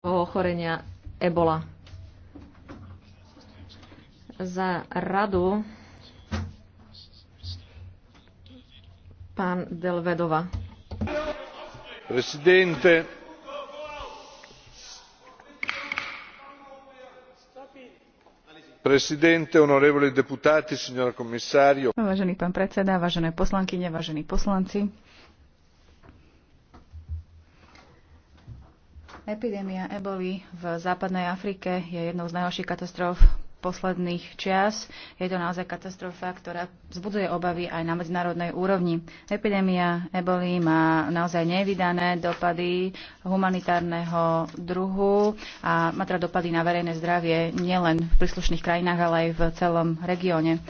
toho ochorenia Ebola. Za radu pán Delvedova. Presidente. Presidente, onorevoli deputati, signora commissario. Vážený pán predseda, vážené poslankyne, vážení poslanci Epidémia eboli v západnej Afrike je jednou z najhorších katastrof posledných čias. Je to naozaj katastrofa, ktorá vzbudzuje obavy aj na medzinárodnej úrovni. Epidémia eboli má naozaj nevydané dopady humanitárneho druhu a má teda dopady na verejné zdravie nielen v príslušných krajinách, ale aj v celom regióne.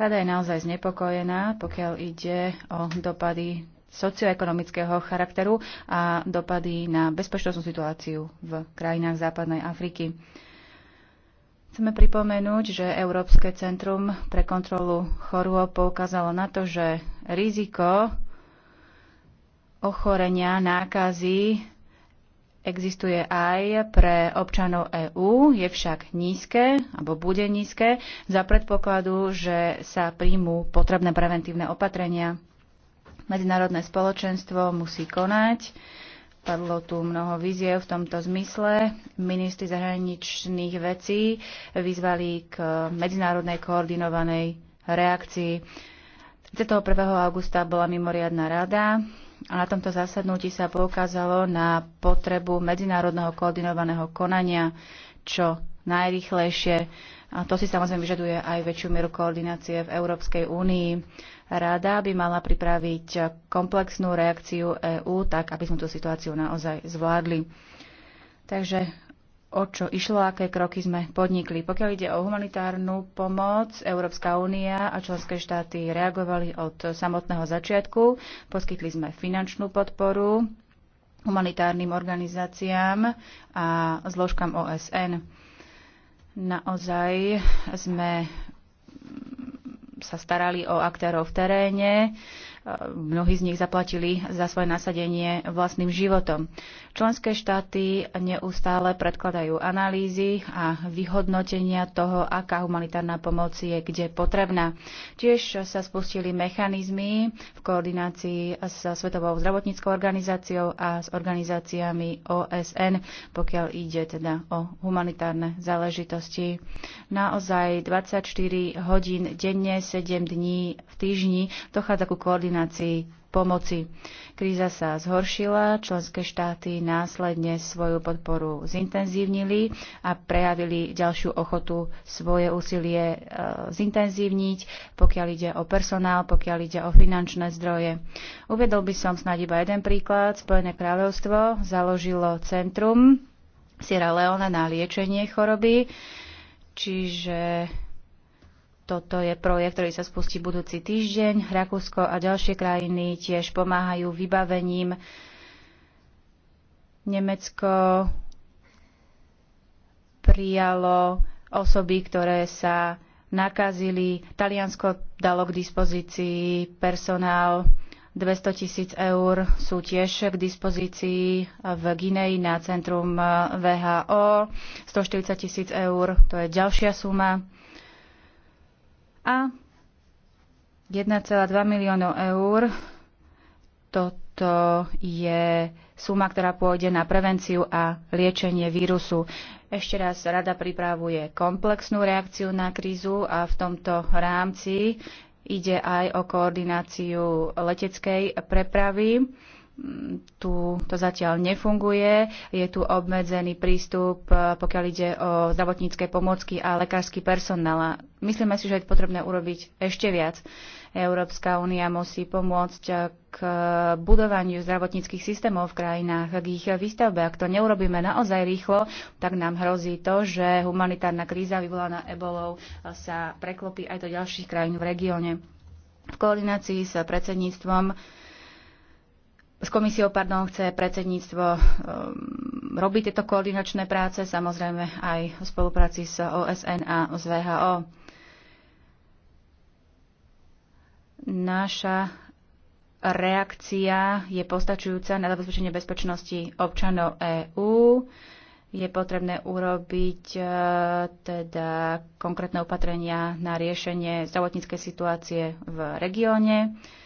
Rada je naozaj znepokojená, pokiaľ ide o dopady socioekonomického charakteru a dopady na bezpečnostnú situáciu v krajinách západnej Afriky. Chceme pripomenúť, že Európske centrum pre kontrolu chorôb poukázalo na to, že riziko ochorenia nákazy existuje aj pre občanov EÚ, je však nízke, alebo bude nízke, za predpokladu, že sa príjmú potrebné preventívne opatrenia medzinárodné spoločenstvo musí konať. Padlo tu mnoho víziev v tomto zmysle. Ministri zahraničných vecí vyzvali k medzinárodnej koordinovanej reakcii. 31. augusta bola mimoriadná rada a na tomto zasadnutí sa poukázalo na potrebu medzinárodného koordinovaného konania, čo najrychlejšie. A to si samozrejme vyžaduje aj väčšiu mieru koordinácie v Európskej únii. Rada by mala pripraviť komplexnú reakciu EÚ, tak aby sme tú situáciu naozaj zvládli. Takže o čo išlo, aké kroky sme podnikli. Pokiaľ ide o humanitárnu pomoc, Európska únia a členské štáty reagovali od samotného začiatku. Poskytli sme finančnú podporu humanitárnym organizáciám a zložkám OSN. Naozaj sme sa starali o aktérov v teréne, Mnohí z nich zaplatili za svoje nasadenie vlastným životom. Členské štáty neustále predkladajú analýzy a vyhodnotenia toho, aká humanitárna pomoc je kde potrebná. Tiež sa spustili mechanizmy v koordinácii s Svetovou zdravotníckou organizáciou a s organizáciami OSN, pokiaľ ide teda o humanitárne záležitosti. Naozaj 24 hodín denne, 7 dní v týždni dochádza ku koordinácii koordinácii pomoci. Kríza sa zhoršila, členské štáty následne svoju podporu zintenzívnili a prejavili ďalšiu ochotu svoje úsilie e, zintenzívniť, pokiaľ ide o personál, pokiaľ ide o finančné zdroje. Uvedol by som snáď iba jeden príklad. Spojené kráľovstvo založilo centrum Sierra Leone na liečenie choroby, čiže toto je projekt, ktorý sa spustí budúci týždeň. Rakúsko a ďalšie krajiny tiež pomáhajú vybavením. Nemecko prijalo osoby, ktoré sa nakazili. Taliansko dalo k dispozícii personál 200 tisíc eur sú tiež k dispozícii v Gineji na centrum VHO. 140 tisíc eur, to je ďalšia suma a 1,2 miliónov eur toto je suma, ktorá pôjde na prevenciu a liečenie vírusu. Ešte raz, rada pripravuje komplexnú reakciu na krízu a v tomto rámci ide aj o koordináciu leteckej prepravy tu to zatiaľ nefunguje. Je tu obmedzený prístup, e, pokiaľ ide o zdravotnícke pomocky a lekársky personál. myslíme si, že je potrebné urobiť ešte viac. Európska únia musí pomôcť e, k budovaniu zdravotníckých systémov v krajinách, k ich výstavbe. Ak to neurobíme naozaj rýchlo, tak nám hrozí to, že humanitárna kríza vyvolaná ebolou e, sa preklopí aj do ďalších krajín v regióne. V koordinácii s predsedníctvom s komisiou pardon, chce predsedníctvo um, robiť tieto koordinačné práce, samozrejme aj v spolupráci s OSN a s VHO. Naša reakcia je postačujúca na zabezpečenie bezpečnosti občanov EÚ. Je potrebné urobiť uh, teda konkrétne opatrenia na riešenie zdravotníckej situácie v regióne. Uh,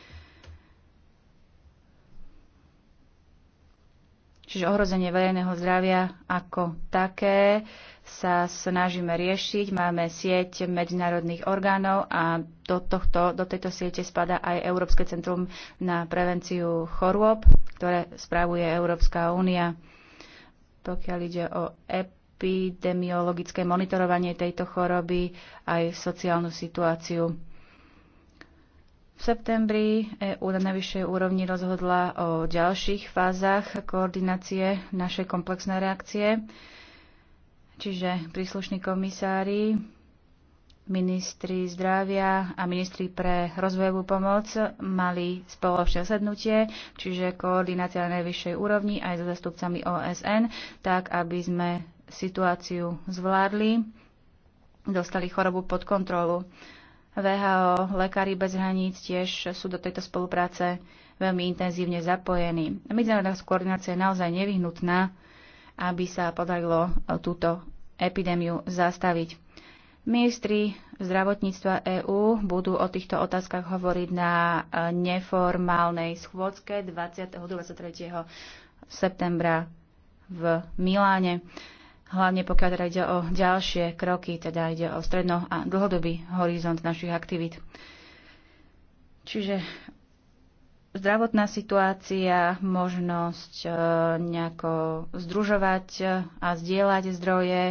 Čiže ohrozenie verejného zdravia ako také sa snažíme riešiť. Máme sieť medzinárodných orgánov a do, tohto, do tejto siete spada aj Európske centrum na prevenciu chorôb, ktoré spravuje Európska únia. Pokiaľ ide o epidemiologické monitorovanie tejto choroby, aj sociálnu situáciu v septembri EU na najvyššej úrovni rozhodla o ďalších fázach koordinácie našej komplexnej reakcie, čiže príslušní komisári, ministri zdravia a ministri pre rozvojovú pomoc mali spoločné sednutie, čiže koordinácia na najvyššej úrovni aj so zastupcami OSN, tak aby sme situáciu zvládli, dostali chorobu pod kontrolu. VHO, Lekári bez hraníc tiež sú do tejto spolupráce veľmi intenzívne zapojení. Medzinárodná koordinácia je naozaj nevyhnutná, aby sa podarilo e, túto epidémiu zastaviť. Ministri zdravotníctva EÚ budú o týchto otázkach hovoriť na e, neformálnej schôdzke 20. 23. septembra v Miláne hlavne pokiaľ teda ide o ďalšie kroky, teda ide o stredno- a dlhodobý horizont našich aktivít. Čiže zdravotná situácia, možnosť e, nejako združovať e, a zdieľať zdroje,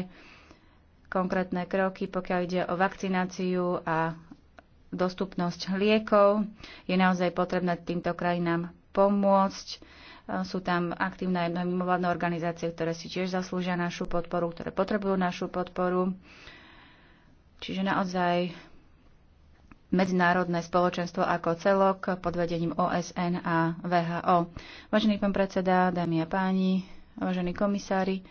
konkrétne kroky, pokiaľ ide o vakcináciu a dostupnosť liekov. Je naozaj potrebné týmto krajinám pomôcť sú tam aktívne aj mimovládne organizácie, ktoré si tiež zaslúžia našu podporu, ktoré potrebujú našu podporu. Čiže naozaj medzinárodné spoločenstvo ako celok pod vedením OSN a VHO. Vážený pán predseda, dámy a páni, vážení komisári,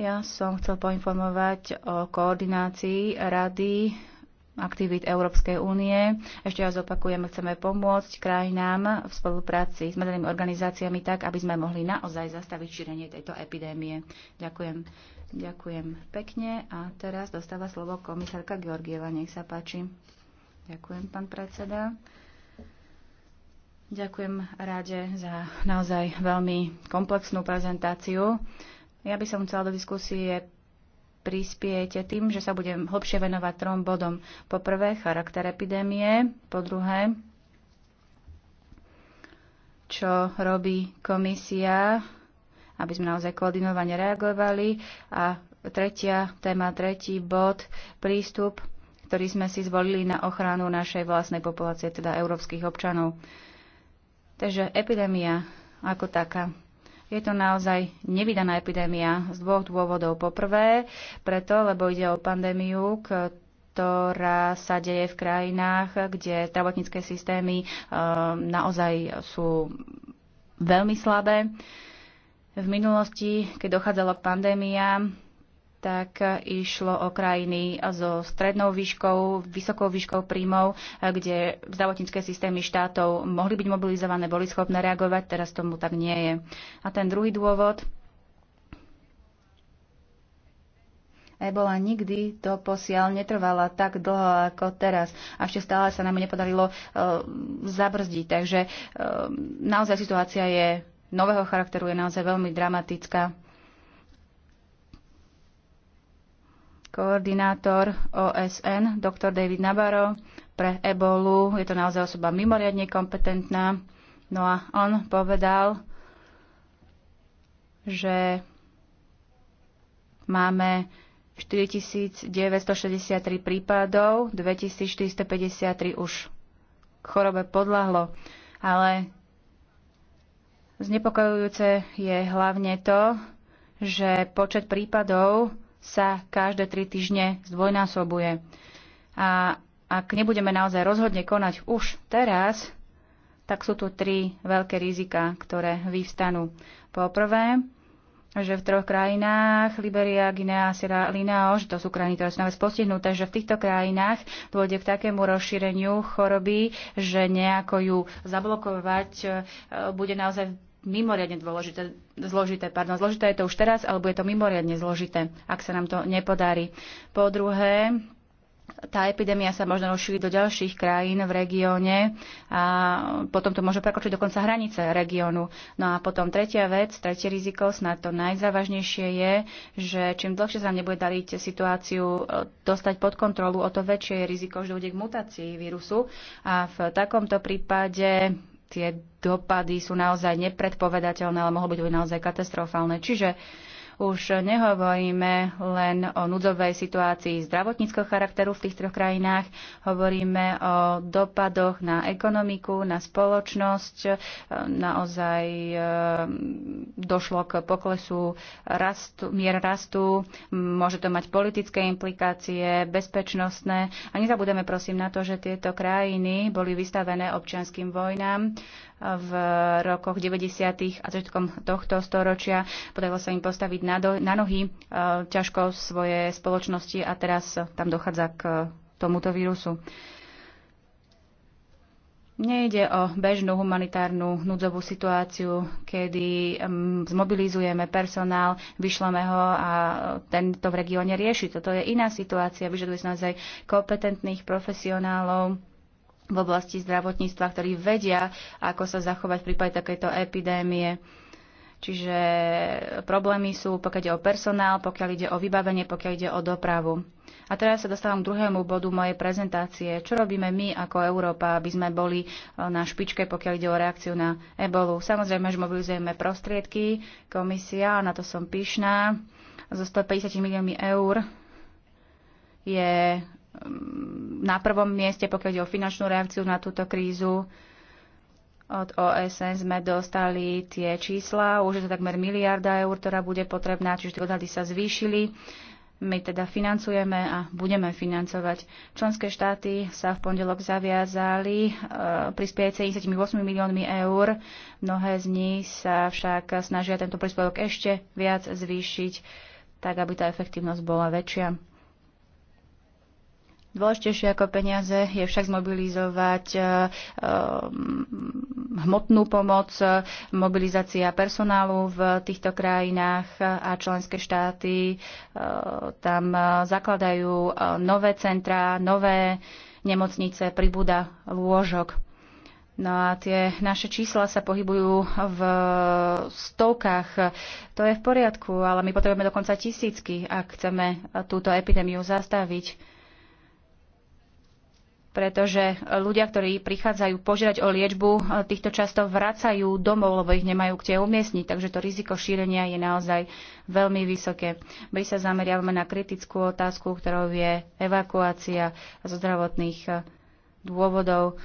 ja som chcel poinformovať o koordinácii rady aktivít Európskej únie. Ešte raz opakujem, chceme pomôcť krajinám v spolupráci s medzinárodnými organizáciami tak, aby sme mohli naozaj zastaviť šírenie tejto epidémie. Ďakujem. Ďakujem pekne. A teraz dostáva slovo komisárka Georgieva. Nech sa páči. Ďakujem, pán predseda. Ďakujem ráde za naozaj veľmi komplexnú prezentáciu. Ja by som chcela do diskusie prispiete tým, že sa budem hlbšie venovať trom bodom. Po prvé, charakter epidémie. Po druhé, čo robí komisia, aby sme naozaj koordinovane reagovali. A tretia téma, tretí bod, prístup, ktorý sme si zvolili na ochranu našej vlastnej populácie, teda európskych občanov. Takže epidémia ako taká. Je to naozaj nevydaná epidémia z dvoch dôvodov. Poprvé, preto, lebo ide o pandémiu, ktorá sa deje v krajinách, kde zdravotnícke systémy e, naozaj sú veľmi slabé. V minulosti, keď dochádzalo k pandémiám, tak išlo o krajiny so strednou výškou, vysokou výškou príjmov, kde zdravotnícke systémy štátov mohli byť mobilizované, boli schopné reagovať, teraz tomu tak nie je. A ten druhý dôvod, Ebola nikdy to posiaľ netrvala tak dlho ako teraz. A ešte stále sa nám nepodarilo e, zabrzdiť. Takže e, naozaj situácia je nového charakteru, je naozaj veľmi dramatická. koordinátor OSN, doktor David Nabarro pre ebolu. Je to naozaj osoba mimoriadne kompetentná. No a on povedal, že máme 4963 prípadov, 2453 už k chorobe podľahlo. Ale znepokojujúce je hlavne to, že počet prípadov sa každé tri týždne zdvojnásobuje. A ak nebudeme naozaj rozhodne konať už teraz, tak sú tu tri veľké rizika, ktoré vyvstanú. Po prvé, že v troch krajinách, Liberia, Guinea, Sierra Leone, že to sú krajiny, ktoré sú najviac postihnuté, že v týchto krajinách dôjde k takému rozšíreniu choroby, že nejako ju zablokovať e, bude naozaj mimoriadne dôležité, zložité. Pardon, zložité je to už teraz, alebo je to mimoriadne zložité, ak sa nám to nepodarí. Po druhé, tá epidémia sa možno rozšíri do ďalších krajín v regióne a potom to môže prekočiť dokonca hranice regiónu. No a potom tretia vec, tretie riziko, snad to najzávažnejšie je, že čím dlhšie sa nebude dariť situáciu e, dostať pod kontrolu, o to väčšie je riziko, že dojde k mutácii vírusu a v takomto prípade tie dopady sú naozaj nepredpovedateľné, ale mohlo byť naozaj katastrofálne. Čiže už nehovoríme len o núdzovej situácii zdravotníckého charakteru v tých troch krajinách, hovoríme o dopadoch na ekonomiku, na spoločnosť. E, naozaj e, došlo k poklesu rastu, mier rastu, môže to mať politické implikácie, bezpečnostné. A nezabudeme prosím na to, že tieto krajiny boli vystavené občianským vojnám v rokoch 90. a začiatkom tohto storočia. Podarilo sa im postaviť na, do, na nohy e, ťažko svoje spoločnosti a teraz tam dochádza k tomuto vírusu. Nejde o bežnú humanitárnu núdzovú situáciu, kedy zmobilizujeme personál, vyšleme ho a tento v regióne rieši. Toto je iná situácia, vyžaduje sa naozaj kompetentných profesionálov, v oblasti zdravotníctva, ktorí vedia, ako sa zachovať v prípade takejto epidémie. Čiže problémy sú, pokiaľ ide o personál, pokiaľ ide o vybavenie, pokiaľ ide o dopravu. A teraz sa dostávam k druhému bodu mojej prezentácie. Čo robíme my ako Európa, aby sme boli e, na špičke, pokiaľ ide o reakciu na ebolu? Samozrejme, že mobilizujeme prostriedky, komisia, na to som pyšná, zo 150 miliónmi eur je Mm, na prvom mieste, pokiaľ ide o finančnú reakciu na túto krízu. Od OSN sme dostali tie čísla, už je to takmer miliarda eur, ktorá bude potrebná, čiže tie odhady sa zvýšili. My teda financujeme a budeme financovať. Členské štáty sa v pondelok zaviazali e, prispieť 78 miliónmi eur. Mnohé z nich sa však snažia tento príspevok ešte viac zvýšiť, tak aby tá efektívnosť bola väčšia. Dôležitejšie ako peniaze je však zmobilizovať eh, eh, hmotnú pomoc, mobilizácia personálu v týchto krajinách a členské štáty eh, tam zakladajú nové centrá, nové nemocnice, pribúda lôžok. No a tie naše čísla sa pohybujú v stovkách. To je v poriadku, ale my potrebujeme dokonca tisícky, ak chceme túto epidémiu zastaviť pretože ľudia, ktorí prichádzajú požiadať o liečbu, týchto často vracajú domov, lebo ich nemajú kde umiestniť, takže to riziko šírenia je naozaj veľmi vysoké. My sa zameriavame na kritickú otázku, ktorou je evakuácia zo zdravotných eh, dôvodov.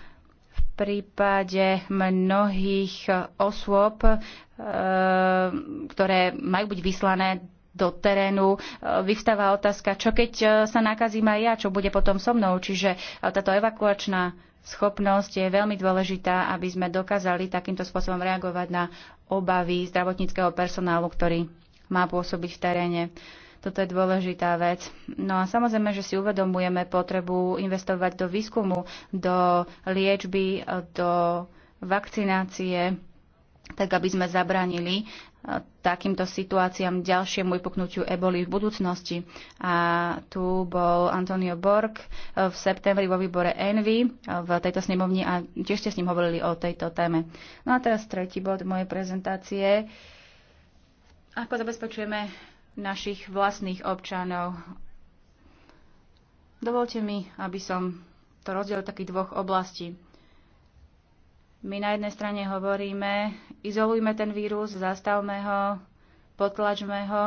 V prípade mnohých osôb, eh, ktoré majú byť vyslané do terénu. E, vyvstáva otázka, čo keď e, sa nakazím aj ja, čo bude potom so mnou. Čiže e, táto evakuačná schopnosť je veľmi dôležitá, aby sme dokázali takýmto spôsobom reagovať na obavy zdravotníckého personálu, ktorý má pôsobiť v teréne. Toto je dôležitá vec. No a samozrejme, že si uvedomujeme potrebu investovať do výskumu, do liečby, do vakcinácie, tak aby sme zabranili takýmto situáciám, ďalšiemu vypuknutiu eboli v budúcnosti. A tu bol Antonio Borg eh, v septembri vo výbore Envy eh, v tejto snemovni a tiež ste s ním hovorili o tejto téme. No a teraz tretí bod mojej prezentácie. Ako zabezpečujeme našich vlastných občanov? Dovolte mi, aby som to rozdielil takých dvoch oblastí. My na jednej strane hovoríme, izolujme ten vírus, zastavme ho, potlačme ho,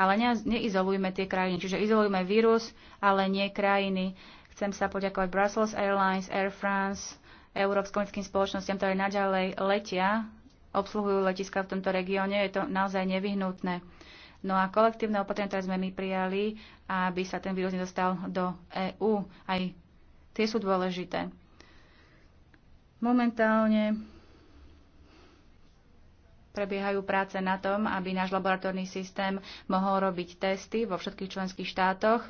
ale ne, neizolujme tie krajiny. Čiže izolujme vírus, ale nie krajiny. Chcem sa poďakovať Brussels Airlines, Air France, európskym spoločnosťam, ktoré naďalej letia, obsluhujú letiska v tomto regióne. Je to naozaj nevyhnutné. No a kolektívne opatrenia, ktoré sme my prijali, aby sa ten vírus nedostal do EÚ, aj tie sú dôležité. Momentálne prebiehajú práce na tom, aby náš laboratórny systém mohol robiť testy vo všetkých členských štátoch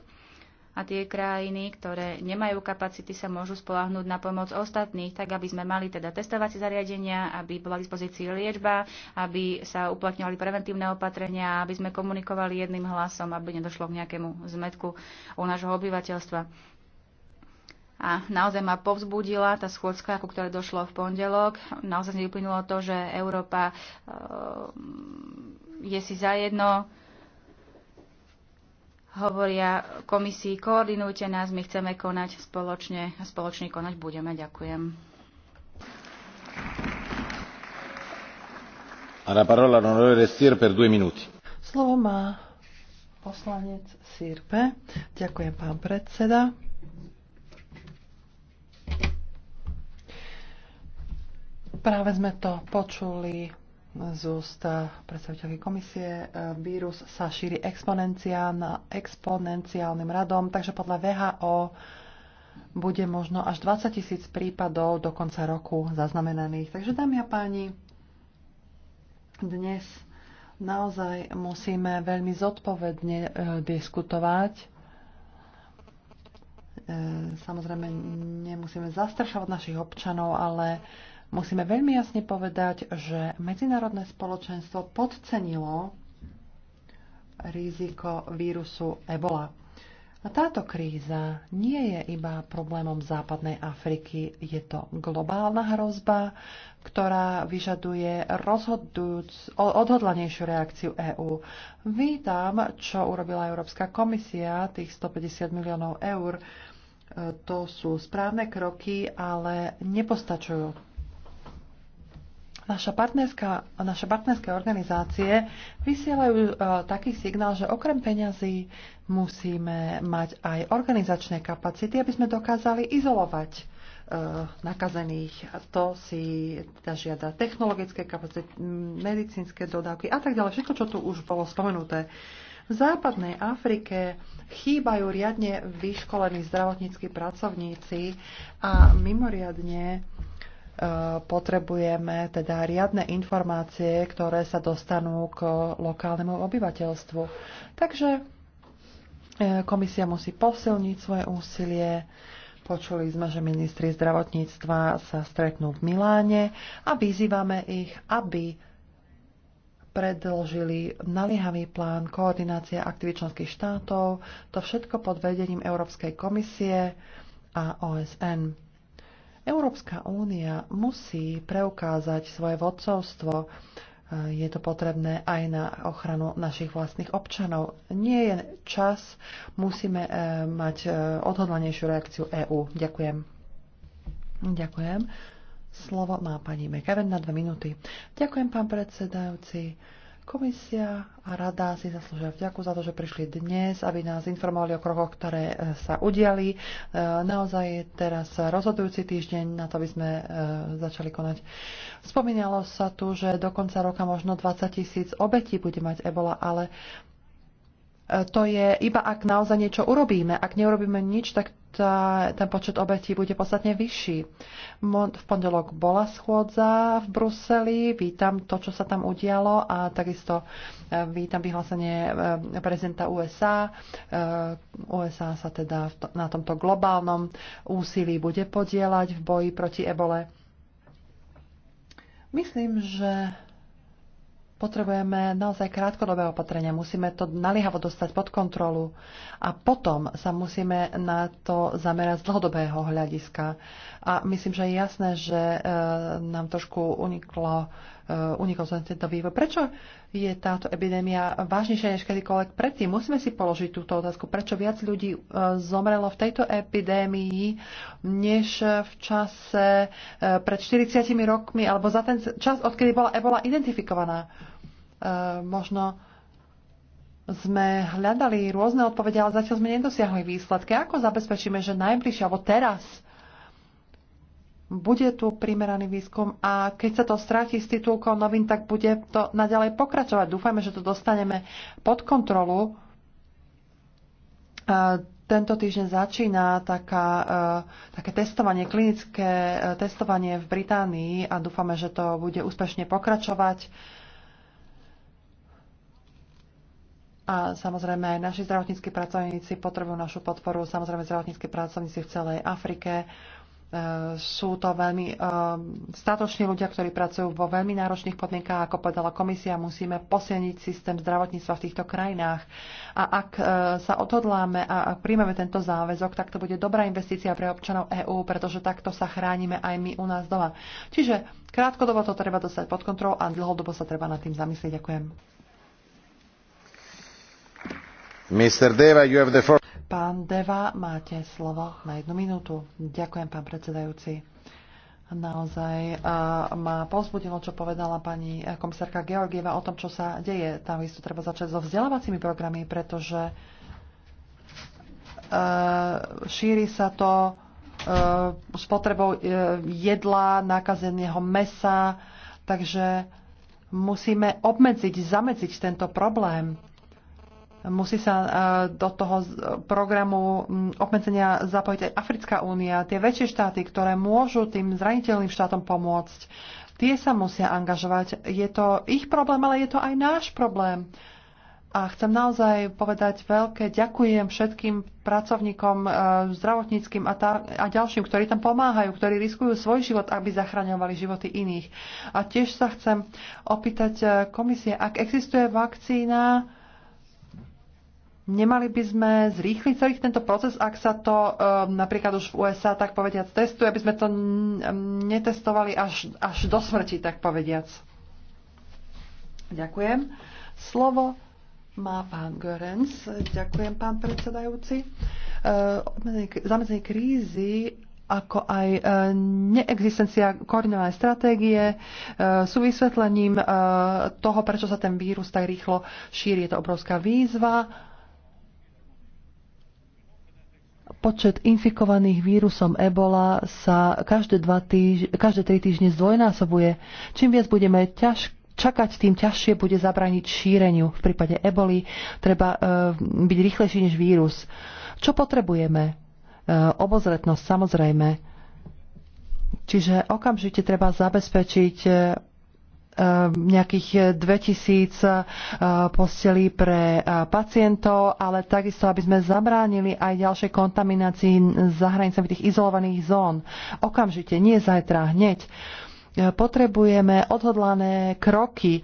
a tie krajiny, ktoré nemajú kapacity, sa môžu spolahnúť na pomoc ostatných, tak aby sme mali teda testovacie zariadenia, aby bola k dispozícii liečba, aby sa uplatňovali preventívne opatrenia, aby sme komunikovali jedným hlasom, aby nedošlo k nejakému zmetku u nášho obyvateľstva a naozaj ma povzbudila tá schôdzka, ku ktorej došlo v pondelok. Naozaj vyplynulo to, že Európa ehm, je si zajedno, hovoria komisii, koordinujte nás, my chceme konať spoločne a spoločne konať budeme. Ďakujem. A parola per due minuti. Slovo má poslanec Sirpe. Ďakujem, pán predseda. Práve sme to počuli z úst predstaviteľky komisie. Vírus sa šíri exponenciálna, exponenciálnym radom, takže podľa VHO bude možno až 20 tisíc prípadov do konca roku zaznamenaných. Takže, dámy a páni, dnes naozaj musíme veľmi zodpovedne e, diskutovať. E, samozrejme, nemusíme zastrešovať našich občanov, ale Musíme veľmi jasne povedať, že medzinárodné spoločenstvo podcenilo riziko vírusu Ebola. A táto kríza nie je iba problémom západnej Afriky, je to globálna hrozba, ktorá vyžaduje odhodlanejšiu reakciu EÚ. Vítam, čo urobila Európska komisia, tých 150 miliónov eur. E, to sú správne kroky, ale nepostačujú Naša partnerská, naše partnerské organizácie vysielajú e, taký signál, že okrem peňazí musíme mať aj organizačné kapacity, aby sme dokázali izolovať e, nakazených. A to si teda žiada technologické kapacity, medicínske dodávky a tak ďalej. Všetko, čo tu už bolo spomenuté. V západnej Afrike chýbajú riadne vyškolení zdravotníckí pracovníci a mimoriadne potrebujeme teda riadne informácie, ktoré sa dostanú k lokálnemu obyvateľstvu. Takže e, komisia musí posilniť svoje úsilie. Počuli sme, že ministri zdravotníctva sa stretnú v Miláne a vyzývame ich, aby predložili naliehavý plán koordinácie aktivít členských štátov, to všetko pod vedením Európskej komisie a OSN. Európska únia musí preukázať svoje vodcovstvo. Je to potrebné aj na ochranu našich vlastných občanov. Nie je čas, musíme eh, mať eh, odhodlanejšiu reakciu EÚ. Ďakujem. Ďakujem. Slovo má pani Mekaven na dve minúty. Ďakujem, pán predsedajúci. Komisia a rada si zaslúžia vďaku za to, že prišli dnes, aby nás informovali o krokoch, ktoré e, sa udiali. E, naozaj je teraz rozhodujúci týždeň na to, aby sme e, začali konať. Spomínalo sa tu, že do konca roka možno 20 tisíc obetí bude mať ebola, ale to je iba ak naozaj niečo urobíme. Ak neurobíme nič, tak tá, ten počet obetí bude podstatne vyšší. V pondelok bola schôdza v Bruseli, vítam to, čo sa tam udialo a takisto e, vítam vyhlásenie e, prezidenta USA. E, USA sa teda na tomto globálnom úsilí bude podielať v boji proti ebole. Myslím, že potrebujeme naozaj krátkodobé opatrenia. Musíme to naliehavo dostať pod kontrolu a potom sa musíme na to zamerať z dlhodobého hľadiska. A myslím, že je jasné, že e, nám trošku uniklo, e, som tento vývoj. Prečo je táto epidémia vážnejšia než kedykoľvek predtým? Musíme si položiť túto otázku. Prečo viac ľudí e, zomrelo v tejto epidémii, než v čase e, pred 40 rokmi alebo za ten čas, odkedy bola ebola identifikovaná? Eh, možno sme hľadali rôzne odpovede, ale zatiaľ sme nedosiahli výsledky. Ako zabezpečíme, že najbližšie, alebo teraz, bude tu primeraný výskum a keď sa to stráti z titulkou novín, tak bude to naďalej pokračovať. Dúfame, že to dostaneme pod kontrolu. Eh, tento týždeň začína taká, eh, také testovanie, klinické testovanie v Británii a dúfame, že to bude úspešne pokračovať A samozrejme aj naši zdravotníckí pracovníci potrebujú našu podporu, samozrejme zdravotníckí pracovníci v celej Afrike. E, sú to veľmi e, statoční ľudia, ktorí pracujú vo veľmi náročných podmienkách. Ako povedala komisia, musíme posilniť systém zdravotníctva v týchto krajinách. A ak e, sa odhodláme a ak príjmeme tento záväzok, tak to bude dobrá investícia pre občanov EÚ, pretože takto sa chránime aj my u nás doma. Čiže krátkodobo to treba dostať pod kontrolou a dlhodobo sa treba nad tým zamyslieť. Ďakujem pán Deva, máte slovo na jednu minútu. Ďakujem, pán predsedajúci. Naozaj eh, ma povzbudilo, čo povedala pani eh, komisárka Georgieva o tom, čo sa deje. Tam isto treba začať so vzdelávacími programy, pretože eh, šíri sa to s potrebou jedla, nakazeného mesa, takže musíme obmedziť, zamedziť tento problém Musí sa e, do toho programu obmedzenia zapojiť aj Africká únia, tie väčšie štáty, ktoré môžu tým zraniteľným štátom pomôcť. Tie sa musia angažovať. Je to ich problém, ale je to aj náš problém. A chcem naozaj povedať veľké ďakujem všetkým pracovníkom e, zdravotníckým a, tá, a ďalším, ktorí tam pomáhajú, ktorí riskujú svoj život, aby zachraňovali životy iných. A tiež sa chcem opýtať e, komisie, ak existuje vakcína, Nemali by sme zrýchliť celý tento proces, ak sa to ehm, napríklad už v USA, tak povediac, testuje, aby sme to ehm, netestovali až, až do smrti, tak povediac. Ďakujem. Slovo má pán Görens. Ďakujem, pán predsedajúci. Ehm, zamedzenie krízy ako aj neexistencia koordinovanej stratégie sú vysvetlením toho, prečo sa ten vírus tak rýchlo šíri. Je to obrovská výzva Počet infikovaných vírusom ebola sa každé, dva týž- každé tri týždne zdvojnásobuje. Čím viac budeme ťaž- čakať, tým ťažšie bude zabrániť šíreniu. V prípade eboli treba e, byť rýchlejší než vírus. Čo potrebujeme? E, obozretnosť samozrejme. Čiže okamžite treba zabezpečiť e, Ehm, nejakých 2000 eh, eh, postelí pre eh, pacientov, ale takisto, aby sme zabránili aj ďalšej kontaminácii za hranicami tých izolovaných zón. Okamžite, nie zajtra, hneď. Potrebujeme odhodlané kroky,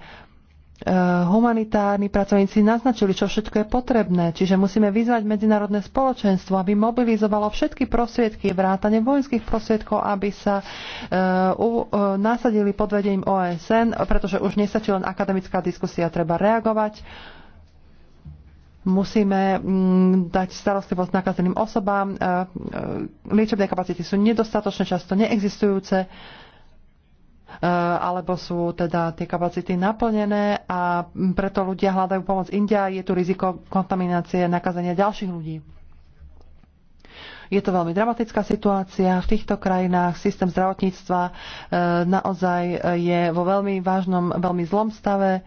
E, humanitárni pracovníci naznačili, čo všetko je potrebné. Čiže musíme vyzvať medzinárodné spoločenstvo, aby mobilizovalo všetky prostriedky, vrátane vojenských prostriedkov, aby sa uh, uh, nasadili pod vedením OSN, pretože už nestačí len akademická diskusia, treba reagovať. Musíme mm, dať starostlivosť nakazeným osobám. liečebné kapacity sú nedostatočné, často neexistujúce. Eh, alebo sú teda tie kapacity naplnené a preto ľudia hľadajú pomoc India a je tu riziko kontaminácie nakazenia ďalších ľudí. Je to veľmi dramatická situácia. V týchto krajinách systém zdravotníctva eh, naozaj je vo veľmi vážnom, veľmi zlom stave.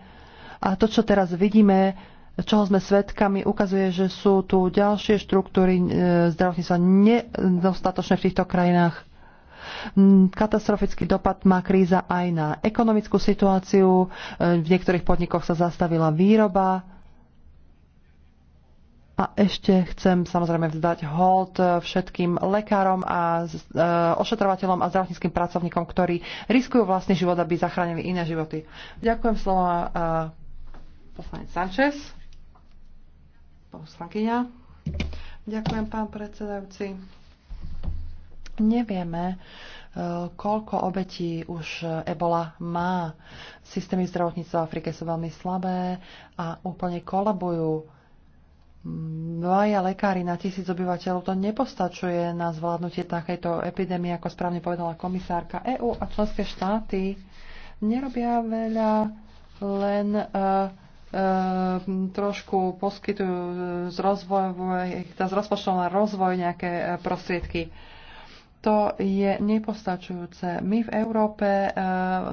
A to, čo teraz vidíme, čoho sme svedkami, ukazuje, že sú tu ďalšie štruktúry eh, zdravotníctva nedostatočné v týchto krajinách Mm, katastrofický dopad má kríza aj na ekonomickú situáciu. E, v niektorých podnikoch sa zastavila výroba. A ešte chcem samozrejme vzdať hold všetkým lekárom a e, ošetrovateľom a zdravotníckým pracovníkom, ktorí riskujú vlastný život, aby zachránili iné životy. Ďakujem slova e, poslanec Sanchez. Poslankyňa. Ďakujem, pán predsedajúci. Nevieme, e, koľko obetí už ebola má. Systémy zdravotníctva v Afrike sú veľmi slabé a úplne kolabujú. Dvaja lekári na tisíc obyvateľov to nepostačuje na zvládnutie takejto epidémie, ako správne povedala komisárka. EÚ a členské štáty nerobia veľa, len uh, trošku poskytujú z, rozvoj, z rozpočtov na rozvoj nejaké prostriedky to je nepostačujúce. My v Európe e,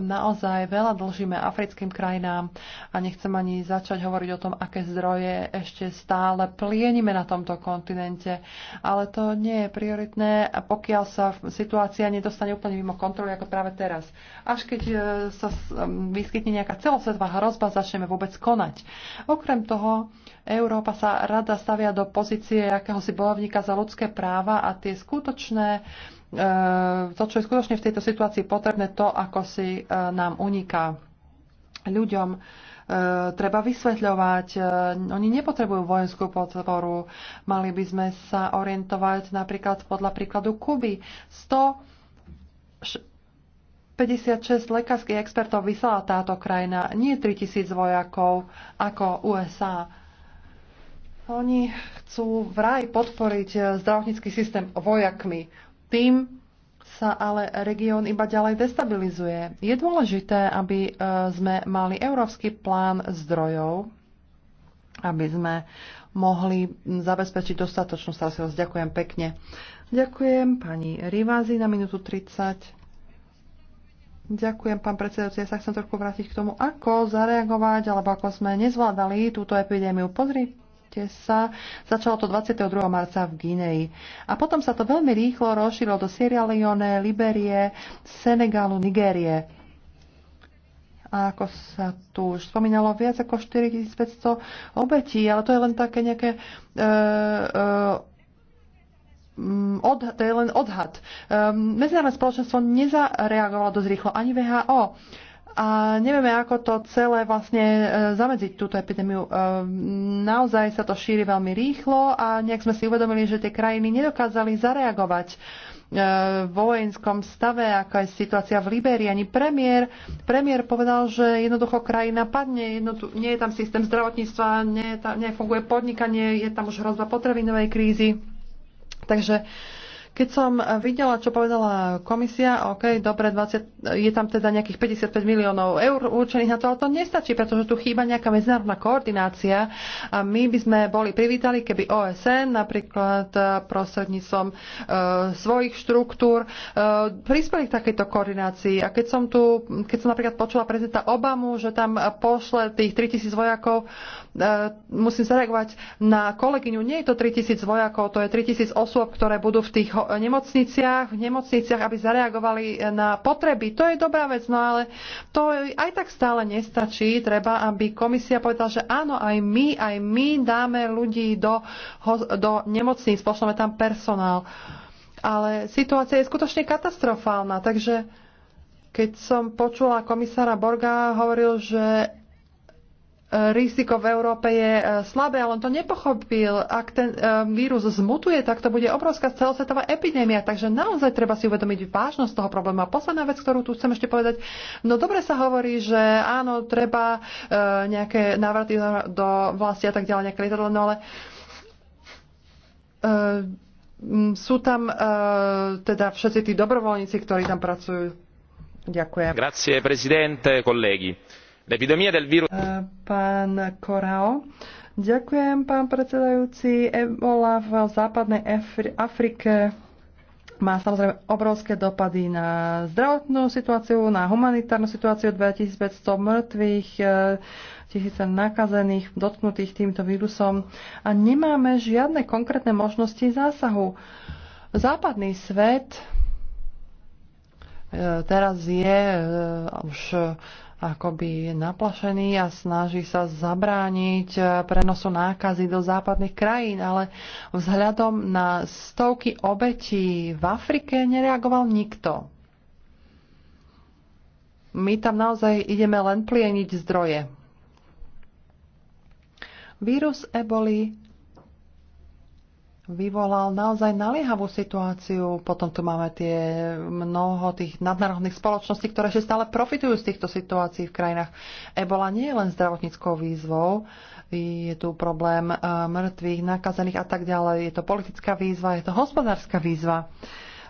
naozaj veľa dlžíme africkým krajinám a nechcem ani začať hovoriť o tom, aké zdroje ešte stále plienime na tomto kontinente. Ale to nie je prioritné, pokiaľ sa situácia nedostane úplne mimo kontroly, ako práve teraz. Až keď e, sa vyskytne nejaká celosvetová hrozba, začneme vôbec konať. Okrem toho, Európa sa rada stavia do pozície akéhosi bojovníka za ľudské práva a tie skutočné Eh, to, čo je skutočne v tejto situácii potrebné, to, ako si eh, nám uniká ľuďom, eh, treba vysvetľovať. Oni nepotrebujú vojenskú podporu. Mali by sme sa orientovať napríklad podľa príkladu Kuby. 156 lekárskych expertov vyslala táto krajina, nie 3000 vojakov ako USA. Oni chcú vraj podporiť zdravotnícky systém vojakmi. Tým sa ale región iba ďalej destabilizuje. Je dôležité, aby e, sme mali európsky plán zdrojov, aby sme mohli zabezpečiť dostatočnú starostlivosť. Ďakujem pekne. Ďakujem pani Rivázi na minútu 30. Ďakujem, pán predsedajúci. Ja sa chcem trošku vrátiť k tomu, ako zareagovať, alebo ako sme nezvládali túto epidémiu. Pozri, Postavte sa. Začalo to 22. marca v Gineji. A potom sa to veľmi rýchlo rozšírilo do Sierra Leone, Liberie, Senegalu, Nigérie. A ako sa tu už spomínalo, viac ako 4500 obetí, ale to je len také nejaké e, e, mm, od, to je len odhad. Um, medzinárodné spoločenstvo nezareagovalo dosť rýchlo, ani VHO a nevieme, ako to celé vlastne e, zamedziť túto epidémiu. E, naozaj sa to šíri veľmi rýchlo a nejak sme si uvedomili, že tie krajiny nedokázali zareagovať e, v vojenskom stave, aká je situácia v Liberii. Ani premiér, premiér povedal, že jednoducho krajina padne, jednotu, nie je tam systém zdravotníctva, nie, tam, nefunguje podnikanie, je tam už hrozba potravinovej krízy. Takže uh, keď som videla, čo povedala komisia, OK, dobre, 20, je tam teda nejakých 55 miliónov eur určených na to, ale to nestačí, pretože tu chýba nejaká medzinárodná koordinácia a my by sme boli privítali, keby OSN napríklad e, prostredníctvom e, svojich štruktúr e, prispeli k takejto koordinácii. A keď som tu, keď som napríklad počula prezidenta Obamu, že tam pošle tých 3000 vojakov, Eh, musím zareagovať na kolegyňu. Nie je to 3000 vojakov, to je 3000 osôb, ktoré budú v tých nemocniciach, v nemocniciach, aby zareagovali na potreby. To je dobrá vec, no ale to aj tak stále nestačí. Treba, aby komisia povedala, že áno, aj my, aj my dáme ľudí do, do nemocníc, pošleme tam personál. Ale situácia je skutočne katastrofálna, takže keď som počula komisára Borga, hovoril, že riziko v Európe je e, slabé, ale on to nepochopil. Ak ten e, vírus zmutuje, tak to bude obrovská celosvetová epidémia. Takže naozaj treba si uvedomiť vážnosť toho problému. A posledná vec, ktorú tu chcem ešte povedať, no dobre sa hovorí, že áno, treba e, nejaké návraty do vlasti a tak ďalej, nejaké lietadlo, no ale sú tam teda všetci tí dobrovoľníci, ktorí tam pracujú. Ďakujem. Grazie, presidente, kolegi L'epidemia del virus... Eh, pán Korao, ďakujem, pán predsedajúci. Ebola v západnej Afri- Afrike má samozrejme obrovské dopady na zdravotnú situáciu, na humanitárnu situáciu 2500 mŕtvych, eh, tisíce nakazených, dotknutých týmto vírusom a nemáme žiadne konkrétne možnosti zásahu. Západný svet eh, teraz je už akoby naplašený a snaží sa zabrániť eh, prenosu nákazy do západných krajín, ale vzhľadom na stovky obetí v Afrike nereagoval nikto. My tam naozaj ideme len plieniť zdroje. Vírus eboli vyvolal naozaj naliehavú situáciu. Potom tu máme tie mnoho tých nadnárodných spoločností, ktoré ešte stále profitujú z týchto situácií v krajinách. Ebola nie je len zdravotníckou výzvou, je tu problém eh, mŕtvych, nakazených a tak ďalej. Je to politická výzva, je to hospodárska výzva.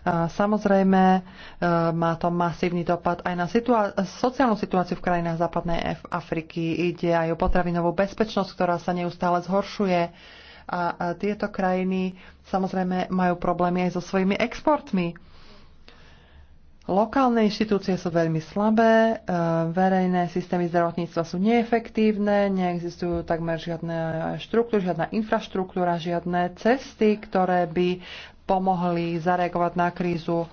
Eh, samozrejme, eh, má to masívny dopad aj na situá- sociálnu situáciu v krajinách západnej Afriky. Ide aj o potravinovú bezpečnosť, ktorá sa neustále zhoršuje a tieto krajiny samozrejme majú problémy aj so svojimi exportmi. Lokálne inštitúcie sú veľmi slabé, e, verejné systémy zdravotníctva sú neefektívne, neexistujú takmer žiadne štruktúry, žiadna infraštruktúra, žiadne cesty, ktoré by pomohli zareagovať na krízu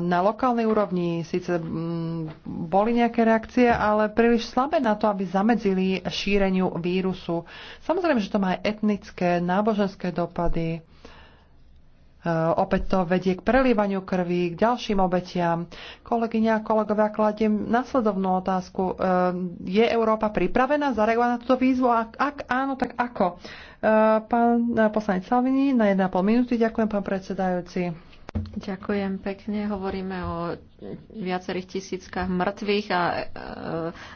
na lokálnej úrovni síce mm, boli nejaké reakcie, ale príliš slabé na to, aby zamedzili šíreniu vírusu. Samozrejme, že to má aj etnické, náboženské dopady. E, opäť to vedie k prelívaniu krvi, k ďalším obetiam. Kolegyňa a kolegovia, kladiem nasledovnú otázku. E, je Európa pripravená zareagovať na túto výzvu? Ak, ak áno, tak ako? E, pán poslanec Salvini, na 1,5 minúty. Ďakujem, pán predsedajúci. Ďakujem pekne. Hovoríme o viacerých tisíckach mŕtvych a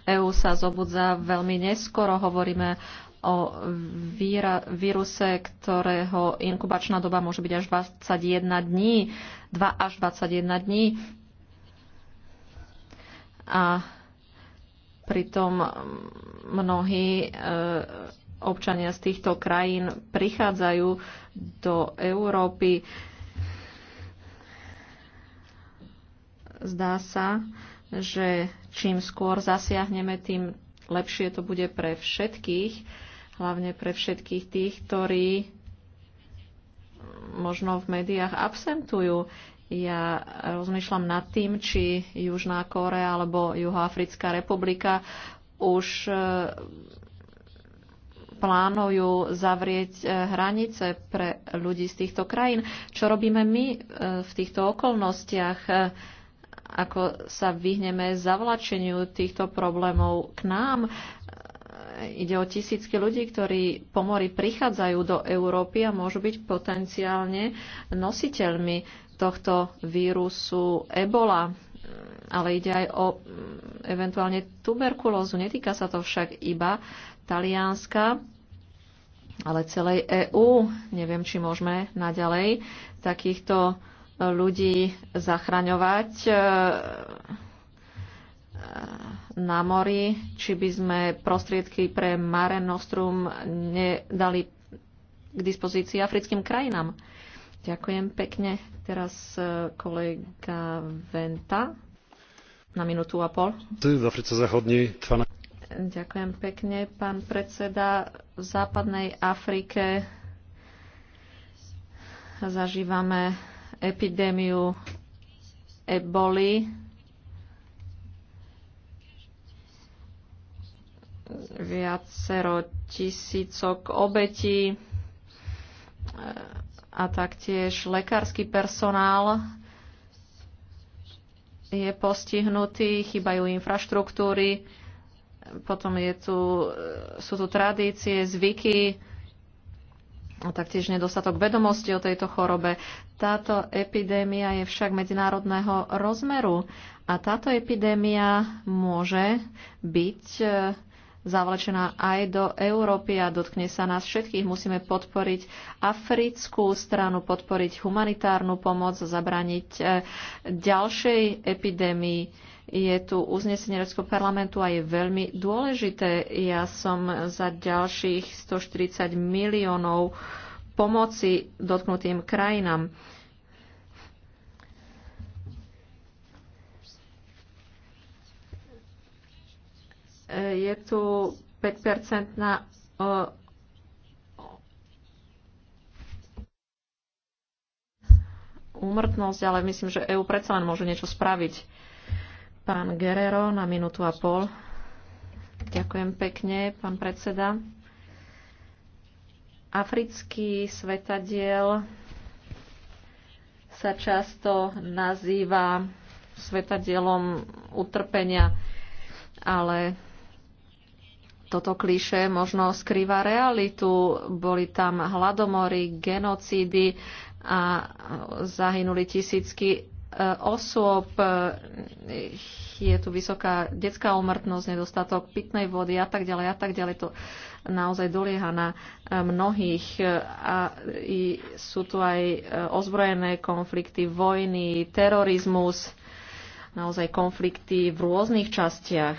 EÚ e, sa zobudza veľmi neskoro. Hovoríme o víra, víruse, ktorého inkubačná doba môže byť až 21 dní, 2 až 21 dní. A pritom mnohí e, občania z týchto krajín prichádzajú do Európy Zdá sa, že čím skôr zasiahneme, tým lepšie to bude pre všetkých, hlavne pre všetkých tých, ktorí možno v médiách absentujú. Ja rozmýšľam nad tým, či Južná Kórea alebo Juhoafrická republika už e, plánujú zavrieť e, hranice pre ľudí z týchto krajín. Čo robíme my e, v týchto okolnostiach? ako sa vyhneme zavlačeniu týchto problémov k nám. Ide o tisícky ľudí, ktorí po mori prichádzajú do Európy a môžu byť potenciálne nositeľmi tohto vírusu Ebola. Ale ide aj o mm, eventuálne tuberkulózu. Netýka sa to však iba Talianska, ale celej EÚ. Neviem, či môžeme naďalej takýchto ľudí zachraňovať e, e, na mori, či by sme prostriedky pre Mare Nostrum nedali k dispozícii africkým krajinám. Ďakujem pekne. Teraz e, kolega Venta na minútu a pol. V Africe zachodní 12. Ďakujem pekne, pán predseda. V západnej Afrike zažívame epidémiu eboli. Viacero tisícok obetí e, a taktiež lekársky personál je postihnutý, chýbajú infraštruktúry, potom je tu, e, sú tu tradície, zvyky, a taktiež nedostatok vedomosti o tejto chorobe. Táto epidémia je však medzinárodného rozmeru a táto epidémia môže byť e, zavlečená aj do Európy a dotkne sa nás všetkých. Musíme podporiť africkú stranu, podporiť humanitárnu pomoc, zabraniť e, ďalšej epidémii je tu uznesenie Európskeho parlamentu a je veľmi dôležité. Ja som za ďalších 140 miliónov pomoci dotknutým krajinám. je tu 5-percentná úmrtnosť, ale myslím, že EU predsa len môže niečo spraviť. Pán Guerrero na minútu a pol. Ďakujem pekne, pán predseda. Africký svetadiel sa často nazýva svetadielom utrpenia, ale toto kliše možno skrýva realitu. Boli tam hladomory, genocídy a zahynuli tisícky osôb, je tu vysoká detská umrtnosť, nedostatok pitnej vody a tak ďalej a tak ďalej. To naozaj dolieha na eh, mnohých a sú tu aj eh, ozbrojené konflikty, vojny, terorizmus, naozaj konflikty v rôznych častiach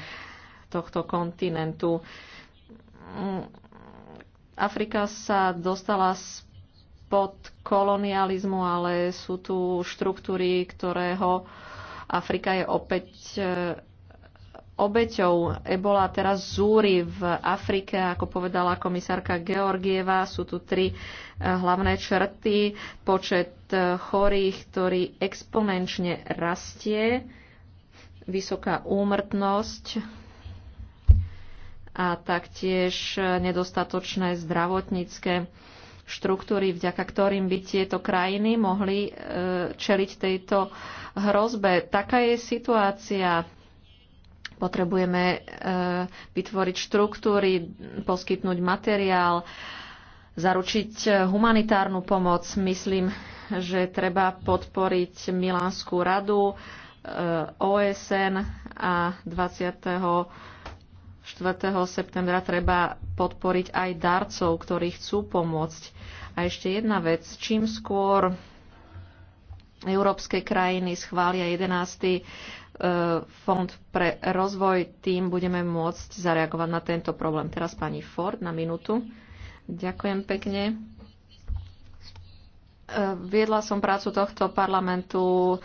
tohto kontinentu. Mm, Afrika sa dostala z spod kolonializmu, ale sú tu štruktúry, ktorého Afrika je opäť eh, obeťou ebola teraz zúri v Afrike, ako povedala komisárka Georgieva. Sú tu tri eh, hlavné črty. Počet eh, chorých, ktorý exponenčne rastie, vysoká úmrtnosť a taktiež nedostatočné zdravotnícke štruktúry, vďaka ktorým by tieto krajiny mohli e, čeliť tejto hrozbe. Taká je situácia. Potrebujeme e, vytvoriť štruktúry, poskytnúť materiál, zaručiť humanitárnu pomoc. Myslím, že treba podporiť Milánskú radu, e, OSN a 20. 4. septembra treba podporiť aj darcov, ktorí chcú pomôcť. A ešte jedna vec. Čím skôr európske krajiny schvália 11. E, fond pre rozvoj, tým budeme môcť zareagovať na tento problém. Teraz pani Ford na minútu. Ďakujem pekne. E, viedla som prácu tohto parlamentu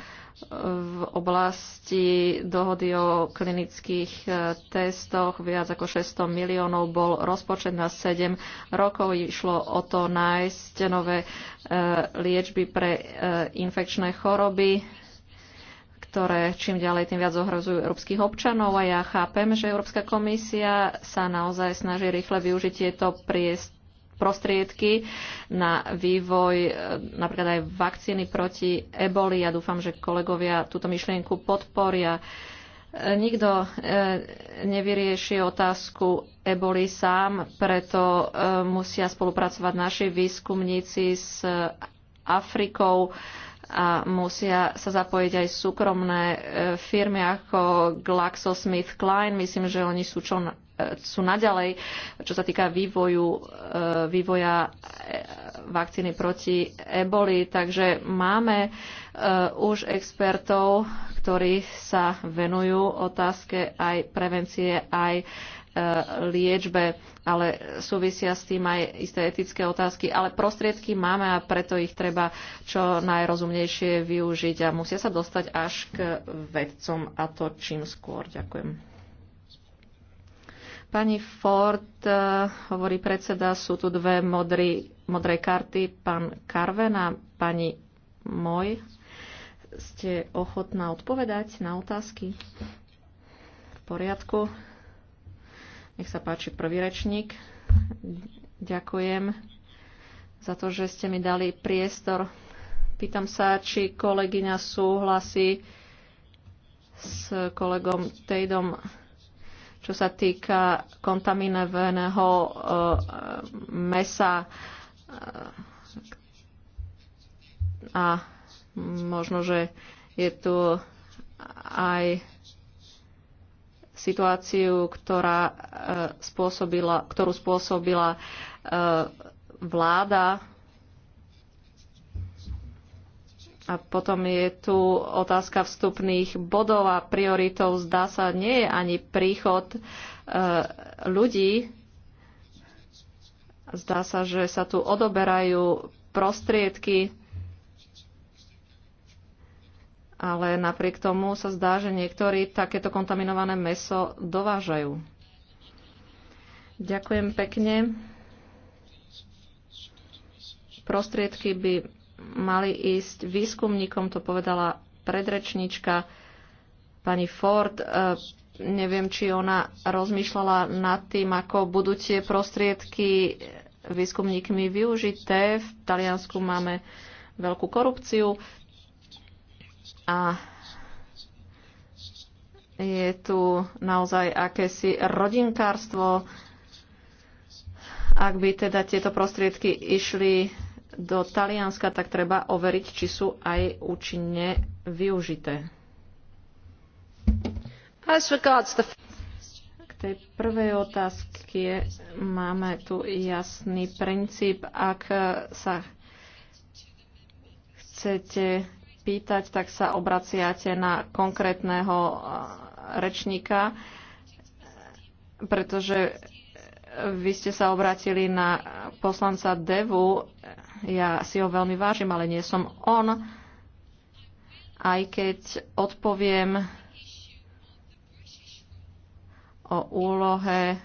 v oblasti dohody o klinických e, testoch viac ako 600 miliónov bol rozpočet na 7 rokov. Išlo o to nájsť nové e, liečby pre e, infekčné choroby ktoré čím ďalej tým viac ohrozujú európskych občanov a ja chápem, že Európska komisia sa naozaj snaží rýchle využiť tieto priest prostriedky na vývoj e, napríklad aj vakcíny proti eboli. Ja dúfam, že kolegovia túto myšlienku podporia. E, nikto e, nevyrieši otázku eboli sám, preto musia spolupracovať naši výskumníci s Afrikou a musia sa zapojiť aj súkromné firmy ako GlaxoSmithKline. Myslím, že oni sú čo sú naďalej, čo sa týka vývoju, e, vývoja e, vakcíny proti eboli. Takže máme e, už expertov, ktorí sa venujú otázke aj prevencie, aj liečbe, ale súvisia s tým aj isté etické otázky, ale prostriedky máme a preto ich treba čo najrozumnejšie využiť a musia sa dostať až k vedcom a to čím skôr. Ďakujem. Pani Ford, eh, hovorí predseda, sú tu dve modrý, modré karty. Pán Karven a pani Moj, ste ochotná odpovedať na otázky? V poriadku. Nech sa páči prvý rečník. Ďakujem za to, že ste mi dali priestor. Pýtam sa, či kolegyňa súhlasí s kolegom Tejdom čo sa týka kontaminovaného eh, mesa eh, a možno, že je tu aj situáciu, ktorá eh, spôsobila, ktorú spôsobila vláda A potom je tu otázka vstupných bodov a prioritou zdá sa nie je ani príchod e, ľudí. Zdá sa, že sa tu odoberajú prostriedky, ale napriek tomu sa zdá, že niektorí takéto kontaminované meso dovážajú. Ďakujem pekne. Prostriedky by mali ísť výskumníkom, to povedala predrečníčka pani Ford. E, neviem, či ona rozmýšľala nad tým, ako budú tie prostriedky výskumníkmi využité. V Taliansku máme veľkú korupciu a je tu naozaj akési rodinkárstvo. Ak by teda tieto prostriedky išli do Talianska, tak treba overiť, či sú aj účinne využité. K tej prvej otázke máme tu jasný princíp. Ak sa chcete pýtať, tak sa obraciate na konkrétneho rečníka, pretože vy ste sa obratili na poslanca Devu. Ja si ho veľmi vážim, ale nie som on. Aj keď odpoviem o úlohe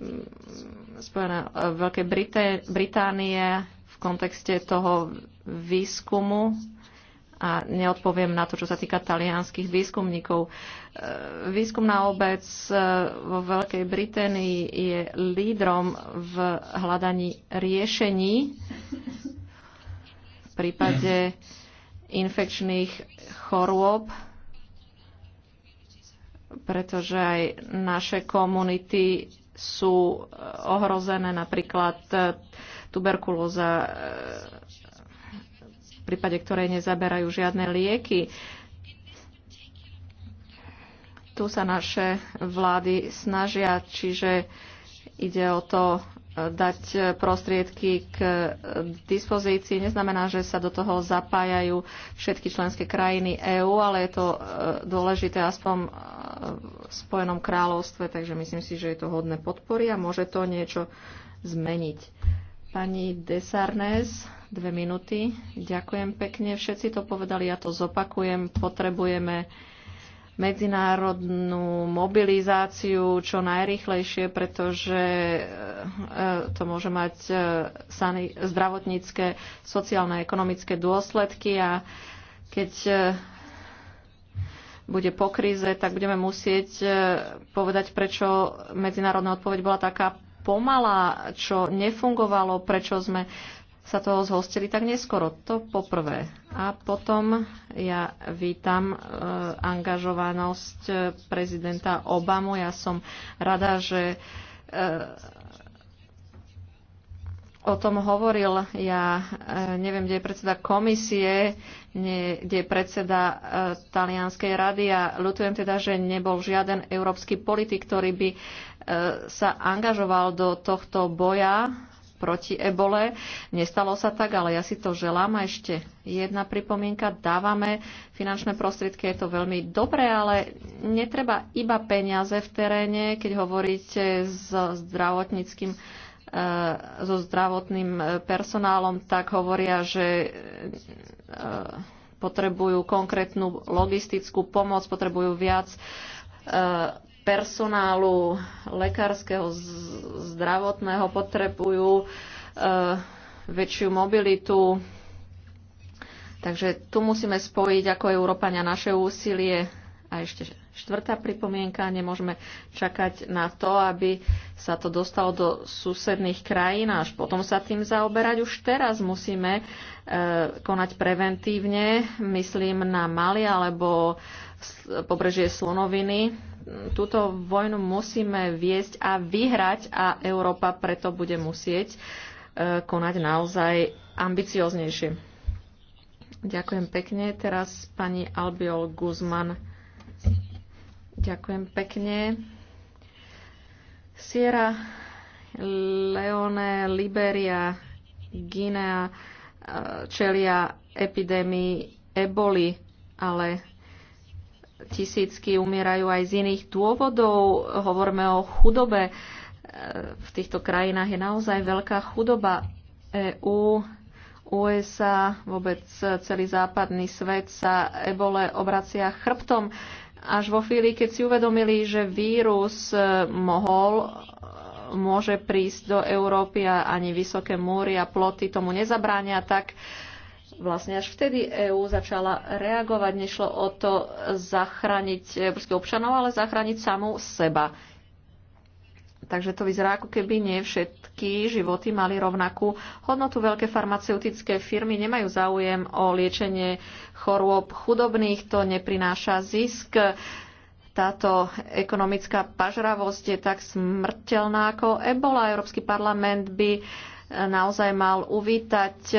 mm, Spojené, e, Veľkej Británie v kontexte toho výskumu, a neodpoviem na to, čo sa týka talianských výskumníkov. E, výskumná obec e, vo Veľkej Británii je lídrom v hľadaní riešení v prípade infekčných chorôb, pretože aj naše komunity sú ohrozené napríklad e, tuberkulóza, prípade ktorej nezaberajú žiadne lieky. Tu sa naše vlády snažia, čiže ide o to e, dať prostriedky k e, dispozícii. Neznamená, že sa do toho zapájajú všetky členské krajiny EÚ, ale je to e, dôležité aspoň v Spojenom kráľovstve, takže myslím si, že je to hodné podpory a môže to niečo zmeniť. Pani Desarnes, dve minúty. Ďakujem pekne. Všetci to povedali, ja to zopakujem. Potrebujeme medzinárodnú mobilizáciu čo najrychlejšie, pretože e, e, to môže mať e, zdravotnícke, sociálne, ekonomické dôsledky a keď bude po kríze, tak budeme musieť povedať, prečo medzinárodná odpoveď bola taká pomalá, čo nefungovalo, prečo sme sa toho zhostili tak neskoro. To poprvé. A potom ja vítam e, angažovanosť e, prezidenta Obamu. Ja som rada, že e, o tom hovoril. Ja e, neviem, kde je predseda komisie, nie, kde je predseda e, talianskej rady a ľutujem teda, že nebol žiaden európsky politik, ktorý by Eh, sa angažoval do tohto boja proti ebole. Nestalo sa tak, ale ja si to želám. A ešte jedna pripomienka. Dávame finančné prostriedky, je to veľmi dobré, ale netreba iba peniaze v teréne, keď hovoríte s zdravotníckým eh, so zdravotným eh, personálom, tak hovoria, že potrebujú konkrétnu logistickú pomoc, potrebujú viac personálu lekárskeho, zdravotného potrebujú eh, väčšiu mobilitu. Takže tu musíme spojiť ako Európania naše úsilie. A ešte štvrtá pripomienka, nemôžeme čakať na to, aby sa to dostalo do susedných krajín až potom sa tým zaoberať. Už teraz musíme e, konať preventívne, myslím na Mali alebo pobrežie Slonoviny, túto vojnu musíme viesť a vyhrať a Európa preto bude musieť e, konať naozaj ambicioznejšie. Ďakujem pekne. Teraz pani Albiol Guzman. Ďakujem pekne. Sierra Leone, Liberia, Guinea e, čelia epidémii eboli, ale tisícky umierajú aj z iných dôvodov. Hovoríme o chudobe. E, v týchto krajinách je naozaj veľká chudoba. EU, USA, vôbec celý západný svet sa ebole obracia chrbtom. Až vo chvíli, keď si uvedomili, že vírus e, mohol môže prísť do Európy a ani vysoké múry a ploty tomu nezabránia, tak vlastne až vtedy EÚ začala reagovať. Nešlo o to zachrániť európskych občanov, ale zachrániť samú seba. Takže to vyzerá, ako keby nie všetky životy mali rovnakú hodnotu. Veľké farmaceutické firmy nemajú záujem o liečenie chorôb chudobných, to neprináša zisk. Táto ekonomická pažravosť je tak smrteľná ako ebola. Európsky parlament by uh, naozaj mal uvítať e,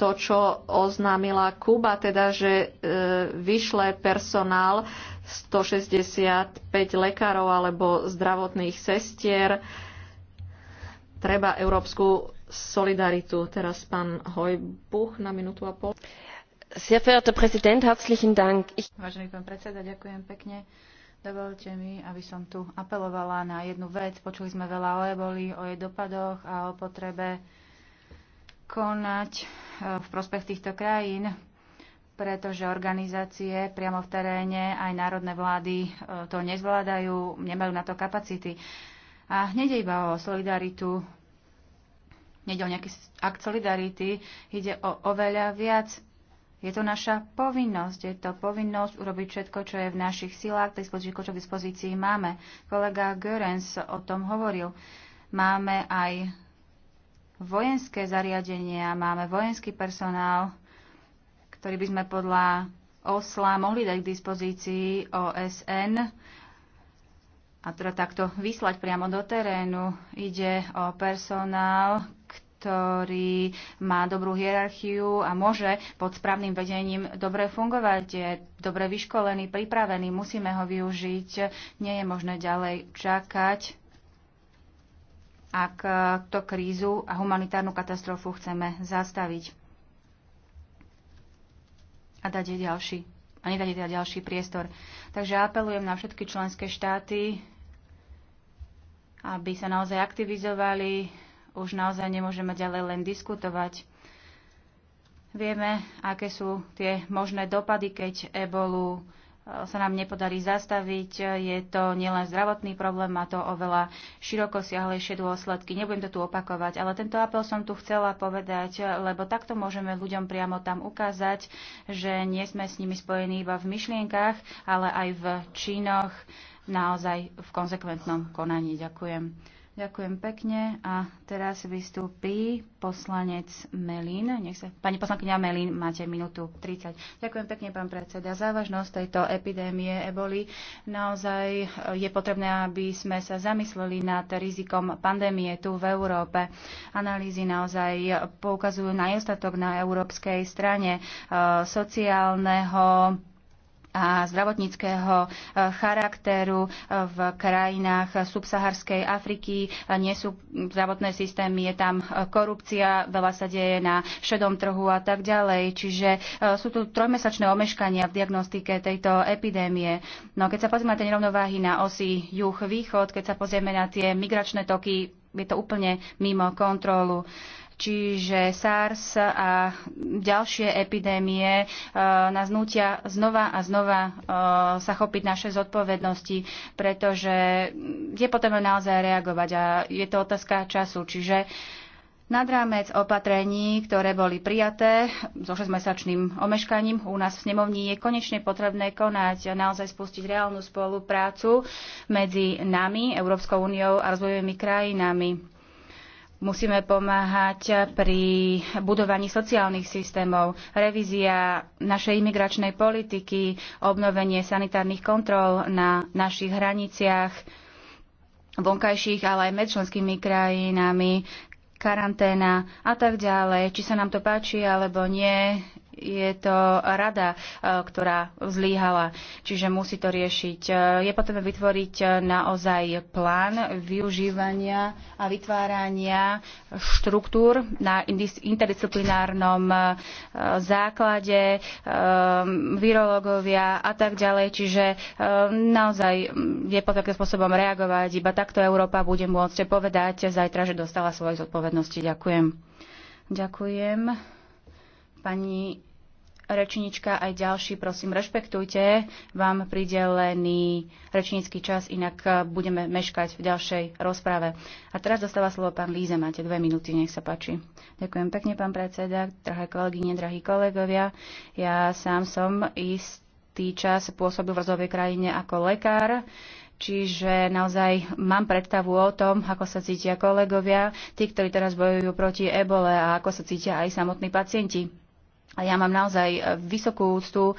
to, čo oznámila Kuba, teda, že e, vyšle personál 165 lekárov alebo zdravotných sestier. Treba európsku solidaritu. Teraz pán Hojbuch na minútu a pol. Sehr verehrter Präsident, herzlichen Dank. Ich... Vážený pán predseda, ďakujem pekne. Dovolte mi, aby som tu apelovala na jednu vec. Počuli sme veľa o eboli, o jej dopadoch a o potrebe konať e, v prospech týchto krajín, pretože organizácie priamo v teréne, aj národné vlády e, to nezvládajú, nemajú na to kapacity. A hneď iba o solidaritu, nejde o nejaký akt solidarity, ide o oveľa viac je to naša povinnosť, je to povinnosť urobiť všetko, čo je v našich silách, tej všetko, čo k dispozícii máme. Kolega Görens o tom hovoril. Máme aj vojenské zariadenia, máme vojenský personál, ktorý by sme podľa OSLA mohli dať k dispozícii OSN a teda takto vyslať priamo do terénu. Ide o personál, ktorý má dobrú hierarchiu a môže pod správnym vedením dobre fungovať, je dobre vyškolený, pripravený, musíme ho využiť. Nie je možné ďalej čakať, ak e, to krízu a humanitárnu katastrofu chceme zastaviť a dať jej ďalší a nedať jej teda ďalší priestor. Takže apelujem na všetky členské štáty, aby sa naozaj aktivizovali, už naozaj nemôžeme ďalej len diskutovať. Vieme, aké sú tie možné dopady, keď ebolu eh, sa nám nepodarí zastaviť. Je to nielen zdravotný problém, má to oveľa široko siahlejšie dôsledky. Nebudem to tu opakovať, ale tento apel som tu chcela povedať, lebo takto môžeme ľuďom priamo tam ukázať, že nie sme s nimi spojení iba v myšlienkach, ale aj v činoch, naozaj v konsekventnom konaní. Ďakujem. Ďakujem pekne a teraz vystúpi poslanec Melín. Nech sa... Pani poslankyňa Melín, máte minútu 30. Ďakujem pekne, pán predseda. Závažnosť tejto epidémie eboli naozaj e, je potrebné, aby sme sa zamysleli nad rizikom pandémie tu v Európe. Analýzy naozaj poukazujú na nedostatok na európskej strane e, sociálneho a zdravotníckého e, charakteru e, v krajinách subsaharskej Afriky. E, nie sú zdravotné systémy, je tam korupcia, veľa sa deje na šedom trhu a tak ďalej. Čiže sú tu trojmesačné omeškania v diagnostike tejto epidémie. No keď sa pozrieme na tie nerovnováhy na osi juh-východ, keď sa pozrieme na tie migračné toky, je to úplne mimo kontrolu. Uh, Čiže SARS a ďalšie epidémie e, nás nutia znova a znova e, sa chopiť naše zodpovednosti, pretože je potrebné naozaj reagovať a je to otázka času. Čiže nad rámec opatrení, ktoré boli prijaté so 6-mesačným omeškaním u nás v snemovni, je konečne potrebné konať, naozaj spustiť reálnu spoluprácu medzi nami, Európskou úniou a rozvojovými krajinami Musíme pomáhať pri budovaní sociálnych systémov, revízia našej imigračnej politiky, obnovenie sanitárnych kontrol na našich hraniciach, vonkajších, ale aj medčlenskými krajinami, karanténa a tak ďalej. Či sa nám to páči alebo nie, je to rada, e, ktorá zlíhala, čiže musí to riešiť. E, je potrebné vytvoriť e, naozaj plán využívania a vytvárania štruktúr na interdisciplinárnom základe, virológovia a tak ďalej, čiže naozaj mm, je potrebné spôsobom reagovať. Iba takto Európa bude môcť povedať zajtra, že dostala svoje zodpovednosti. Ďakujem. Ďakujem. Pani rečnička aj ďalší, prosím, rešpektujte. Vám pridelený rečnícky čas, inak e, budeme meškať v ďalšej rozprave. A teraz dostáva slovo pán Líze. Máte dve minúty, nech sa páči. Ďakujem pekne, pán predseda, drahé kolegyne, drahí kolegovia. Ja sám som istý čas pôsobil v rozovej krajine ako lekár. Čiže naozaj mám predstavu o tom, ako sa cítia kolegovia, tí, ktorí teraz bojujú proti ebole a ako sa cítia aj samotní pacienti. A ja mám naozaj e, vysokú úctu e,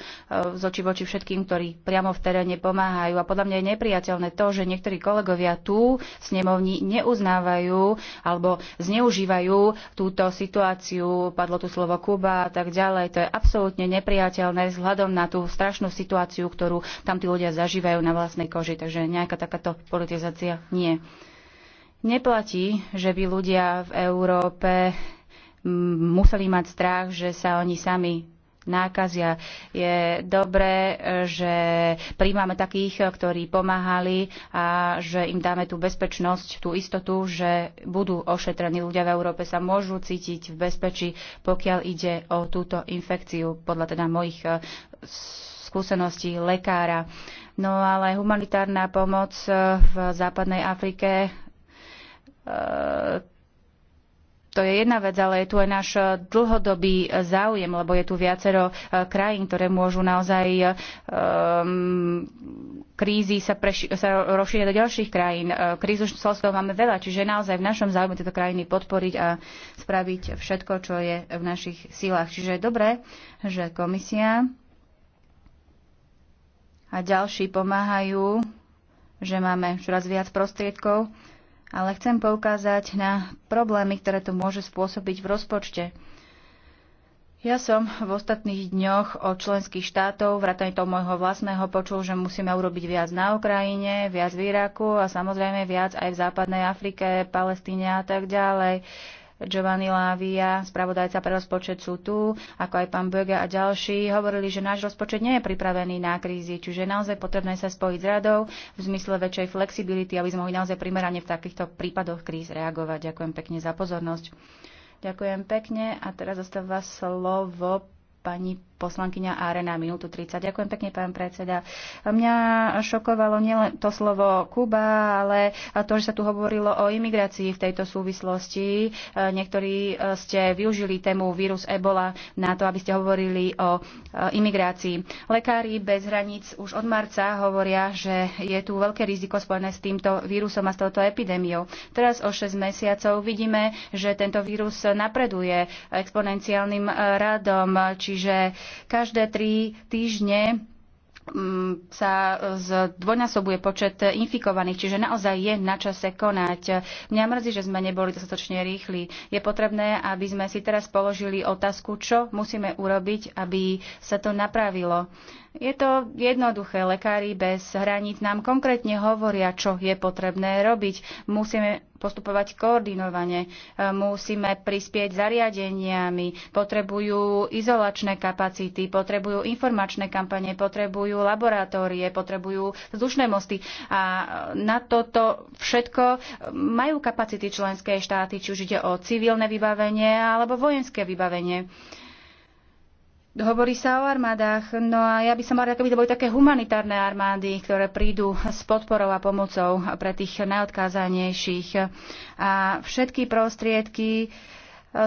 z oči voči všetkým, ktorí priamo v teréne pomáhajú. A podľa mňa je nepriateľné to, že niektorí kolegovia tu v snemovni neuznávajú alebo zneužívajú túto situáciu. Padlo tu slovo Kuba a tak ďalej. To je absolútne nepriateľné vzhľadom na tú strašnú situáciu, ktorú tam tí ľudia zažívajú na vlastnej koži. Takže nejaká takáto politizácia nie. Neplatí, že by ľudia v Európe museli mať strach, že sa oni sami nákazia. Je dobré, že príjmame takých, ktorí pomáhali a že im dáme tú bezpečnosť, tú istotu, že budú ošetrení ľudia v Európe, sa môžu cítiť v bezpečí, pokiaľ ide o túto infekciu, podľa teda mojich e, skúseností lekára. No ale humanitárna pomoc e, v západnej Afrike e, to je jedna vec, ale je tu aj náš e, dlhodobý e, záujem, lebo je tu viacero e, krajín, ktoré môžu naozaj um, krízy sa, sa rozšíriť do ďalších krajín. Krízu slovského máme veľa, čiže naozaj v našom záujme tieto krajiny podporiť a spraviť všetko, čo je v našich silách. Čiže je dobré, že komisia a ďalší pomáhajú, že máme čoraz viac prostriedkov ale chcem poukázať na problémy, ktoré to môže spôsobiť v rozpočte. Ja som v ostatných dňoch od členských štátov, vrátane toho môjho vlastného, počul, že musíme urobiť viac na Ukrajine, viac v Iraku a samozrejme viac aj v západnej Afrike, Palestíne a tak ďalej. Giovanni Lávia, spravodajca pre rozpočet sú tu, ako aj pán Böge a ďalší, hovorili, že náš rozpočet nie je pripravený na krízi, čiže je naozaj potrebné sa spojiť s radou v zmysle väčšej flexibility, aby sme mohli naozaj primerane v takýchto prípadoch kríz reagovať. Ďakujem pekne za pozornosť. Ďakujem pekne a teraz zostáva slovo pani poslankyňa Arena, minútu 30. Ďakujem pekne, pán predseda. Mňa šokovalo nielen to slovo Kuba, ale to, že sa tu hovorilo o imigrácii v tejto súvislosti. E, niektorí e, ste využili tému vírus Ebola na to, aby ste hovorili o e, imigrácii. Lekári bez hraníc už od marca hovoria, že je tu veľké riziko spojené s týmto vírusom a s touto epidémiou. Teraz o 6 mesiacov vidíme, že tento vírus napreduje exponenciálnym radom, čiže Každé tri týždne mm, sa zdvojnásobuje počet infikovaných, čiže naozaj je na čase konať. Mňa mrzí, že sme neboli dostatočne rýchli. Je potrebné, aby sme si teraz položili otázku, čo musíme urobiť, aby sa to napravilo. Je to jednoduché. Lekári bez hraníc nám konkrétne hovoria, čo je potrebné robiť. Musíme postupovať koordinovane. E, musíme prispieť zariadeniami, potrebujú izolačné kapacity, potrebujú informačné kampane, potrebujú laboratórie, potrebujú vzdušné mosty. A e, na toto všetko e, majú kapacity členské štáty, či už ide o civilné vybavenie alebo vojenské vybavenie. Hovorí sa o armádach, no a ja by som mal, aby to boli také humanitárne armády, ktoré prídu s podporou a pomocou pre tých najodkázanejších. A všetky prostriedky e,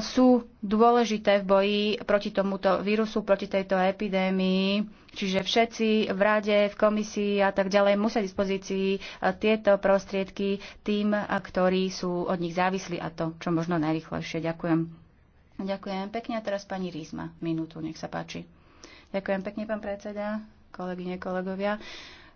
sú dôležité v boji proti tomuto vírusu, proti tejto epidémii. Čiže všetci v rade, v komisii a tak ďalej musia dispozícii e, tieto prostriedky tým, ktorí sú od nich závislí a to čo možno najrychlejšie. Ďakujem. Ďakujem pekne. A teraz pani Rízma. Minútu, nech sa páči. Ďakujem pekne, pán predseda, kolegyne, kolegovia.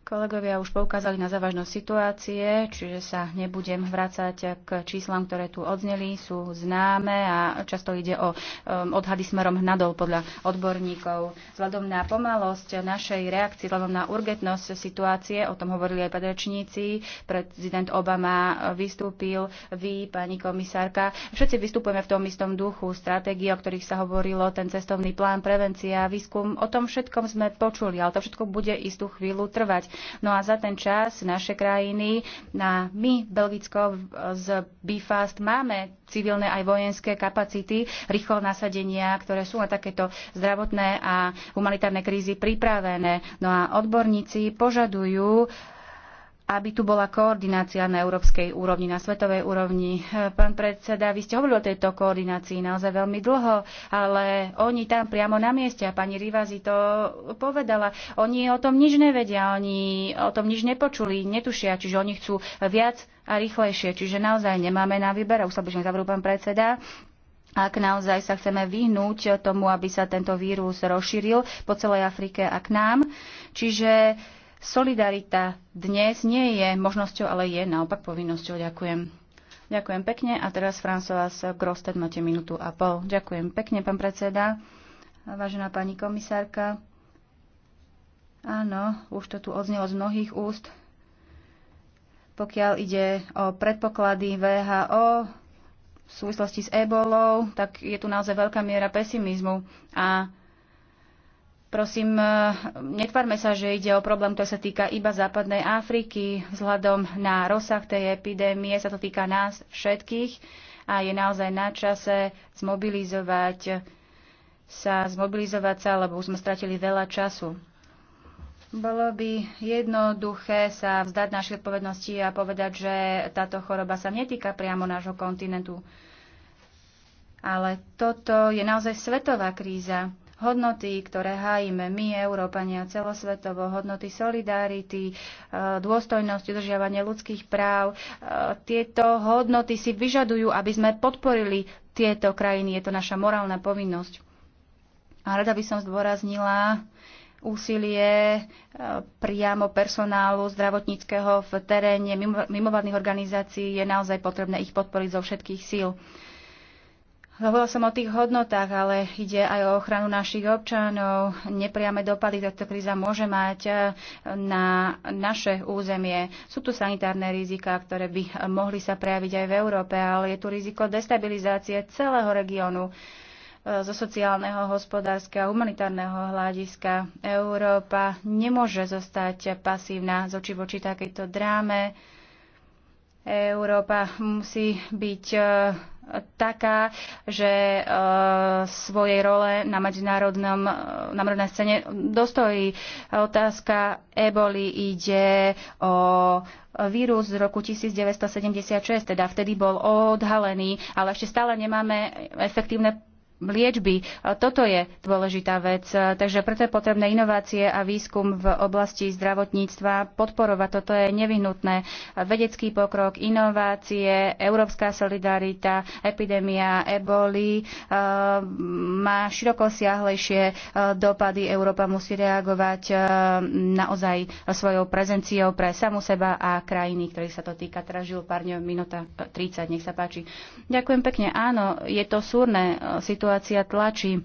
Kolegovia už poukázali na závažnosť situácie, čiže sa nebudem vrácať k číslam, ktoré tu odzneli, sú známe a často ide o um, odhady smerom nadol podľa odborníkov. Vzhľadom na pomalosť našej reakcie, vzhľadom na urgentnosť situácie, o tom hovorili aj padrečníci, prezident Obama vystúpil, vy, pani komisárka, všetci vystupujeme v tom istom duchu, stratégie, o ktorých sa hovorilo, ten cestovný plán, prevencia, výskum, o tom všetkom sme počuli, ale to všetko bude istú chvíľu trvať No a za ten čas naše krajiny, na my, Belgicko z BFAST, máme civilné aj vojenské kapacity rýchlo nasadenia, ktoré sú na takéto zdravotné a humanitárne krízy pripravené. No a odborníci požadujú aby tu bola koordinácia na európskej úrovni, na svetovej úrovni. Pán predseda, vy ste hovorili o tejto koordinácii naozaj veľmi dlho, ale oni tam priamo na mieste, a pani Rivazi to povedala, oni o tom nič nevedia, oni o tom nič nepočuli, netušia, čiže oni chcú viac a rýchlejšie. Čiže naozaj nemáme na výber, už sa bežne zavrú pán predseda, ak naozaj sa chceme vyhnúť tomu, aby sa tento vírus rozšíril po celej Afrike a k nám. Čiže Solidarita dnes nie je možnosťou, ale je naopak povinnosťou. Ďakujem. Ďakujem pekne. A teraz François Grosted, máte minútu a pol. Ďakujem pekne, pán predseda. Vážená pani komisárka. Áno, už to tu odznelo z mnohých úst. Pokiaľ ide o predpoklady VHO, v súvislosti s ebolou, tak je tu naozaj veľká miera pesimizmu. A Prosím, e, netvárme sa, že ide o problém, ktorý sa týka iba západnej Afriky. Vzhľadom na rozsah tej epidémie sa to týka nás všetkých a je naozaj na čase zmobilizovať sa, zmobilizovať sa, lebo už sme stratili veľa času. Bolo by jednoduché sa vzdať našej odpovednosti a povedať, že táto choroba sa netýka priamo nášho kontinentu. Ale toto je naozaj svetová kríza hodnoty, ktoré hájime my, Európania, celosvetovo, hodnoty solidarity, e, dôstojnosť, udržiavanie ľudských práv. E, tieto hodnoty si vyžadujú, aby sme podporili tieto krajiny. Je to naša morálna povinnosť. A rada by som zdôraznila úsilie e, priamo personálu zdravotníckého v teréne mimovadných organizácií. Je naozaj potrebné ich podporiť zo všetkých síl. Hovorila som o tých hodnotách, ale ide aj o ochranu našich občanov. Nepriame dopady, ktoré kríza môže mať eh, na naše územie. Sú tu sanitárne rizika, ktoré by mohli sa prejaviť aj v Európe, ale je tu riziko destabilizácie celého regiónu eh, zo sociálneho, hospodárskeho a humanitárneho hľadiska. Európa nemôže zostať pasívna z oči voči takejto dráme. Európa musí byť eh, taká, že e, eh, svojej role na medzinárodnom eh, na medzinárodnej scéne dostojí. Otázka eboli ide o vírus z roku 1976, teda vtedy bol odhalený, ale ešte stále nemáme efektívne liečby. E, toto je dôležitá vec, e, takže preto je potrebné inovácie a výskum v oblasti zdravotníctva podporovať. Toto je nevyhnutné. E, vedecký pokrok, inovácie, európska solidarita, epidémia eboli má širokosiahlejšie dopady. Európa musí reagovať naozaj svojou prezenciou pre samu seba a krajiny, ktorých sa to týka. Teraz žil pár minúta 30, nech sa páči. Ďakujem pekne. Áno, je to súrne situácia situácia tlačí.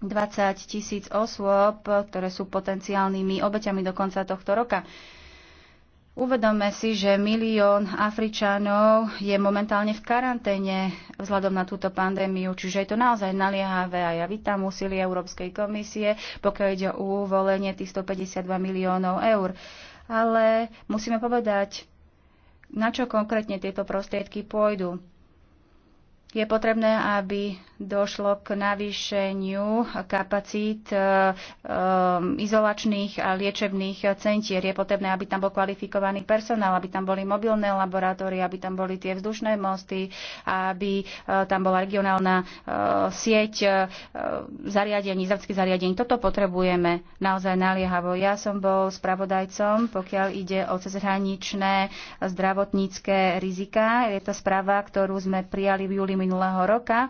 20 tisíc osôb, ktoré sú potenciálnymi obeťami do konca tohto roka. Uvedome si, že milión Afričanov je momentálne v karanténe vzhľadom na túto pandémiu, čiže je to naozaj naliehavé a ja vítam úsilie Európskej komisie, pokiaľ ide o uvolenie tých 152 miliónov eur. Ale musíme povedať, na čo konkrétne tieto prostriedky pôjdu. Je potrebné, aby došlo k navýšeniu kapacít e, e, izolačných a liečebných centier. Je potrebné, aby tam bol kvalifikovaný personál, aby tam boli mobilné laboratórie, aby tam boli tie vzdušné mosty, aby e, tam bola regionálna sieť zariadení, zdravotných zariadení. Toto potrebujeme naozaj naliehavo. Ja som bol spravodajcom, pokiaľ ide o cezhraničné zdravotnícke rizika. Je to správa, ktorú sme prijali v júli minulého roka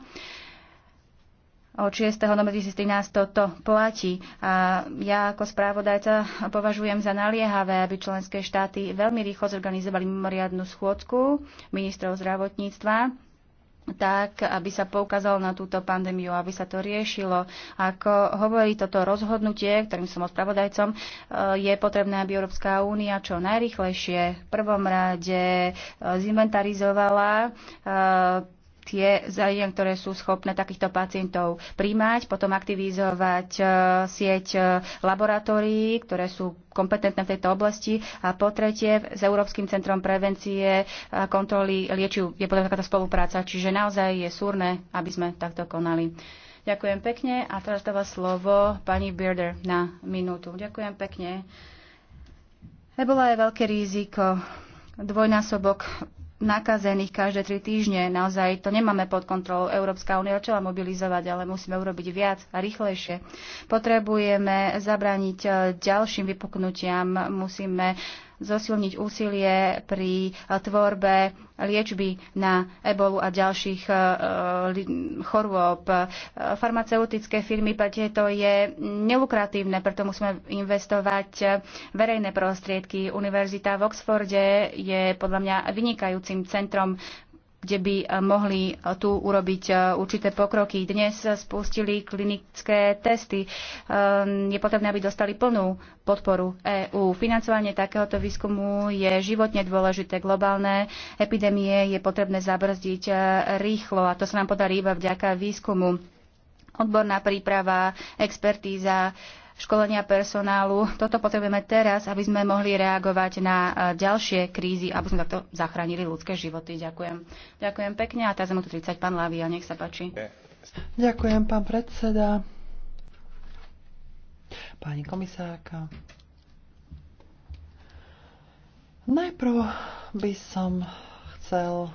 od 6. novembra 2013 toto platí. A ja ako správodajca považujem za naliehavé, aby členské štáty veľmi rýchlo zorganizovali mimoriadnu schôdku ministrov zdravotníctva tak, aby sa poukázalo na túto pandémiu, aby sa to riešilo. Ako hovorí toto rozhodnutie, ktorým som odpravodajcom, eh, je potrebné, aby Európska únia čo najrychlejšie v prvom rade eh, zinventarizovala eh, tie zariadenia, ktoré sú schopné takýchto pacientov príjmať, potom aktivizovať e, sieť e, laboratórií, ktoré sú kompetentné v tejto oblasti. A po tretie, s Európskym centrom prevencie a kontroly liečiv je potom takáto spolupráca. Čiže naozaj je súrne, aby sme takto konali. Ďakujem pekne a teraz dáva slovo pani Birder na minútu. Ďakujem pekne. Ebola je veľké riziko, dvojnásobok nakazených každé tri týždne. Naozaj to nemáme pod kontrolou. Európska únia začala mobilizovať, ale musíme urobiť viac a rýchlejšie. Potrebujeme zabrániť eh, ďalším vypuknutiam, musíme zosilniť úsilie pri eh, tvorbe liečby na ebolu a ďalších eh, chorôb. Eh, farmaceutické firmy, to je nelukratívne, preto musíme investovať verejné prostriedky. Univerzita v Oxforde je podľa mňa vynikajúcim centrom kde by eh, mohli eh, tu urobiť eh, určité pokroky. Dnes spustili klinické testy. Ehm, je potrebné, aby dostali plnú podporu EÚ. Financovanie takéhoto výskumu je životne dôležité. Globálne epidémie je potrebné zabrzdiť rýchlo a to sa nám podarí iba vďaka výskumu odborná príprava, expertíza, školenia personálu. Toto potrebujeme teraz, aby sme mohli reagovať na e, ďalšie krízy, aby sme takto zachránili ľudské životy. Ďakujem. Ďakujem pekne a mu tu 30, pán Lavia, nech sa páči. Ďakujem, pán predseda. Pani komisárka. Najprv by som chcel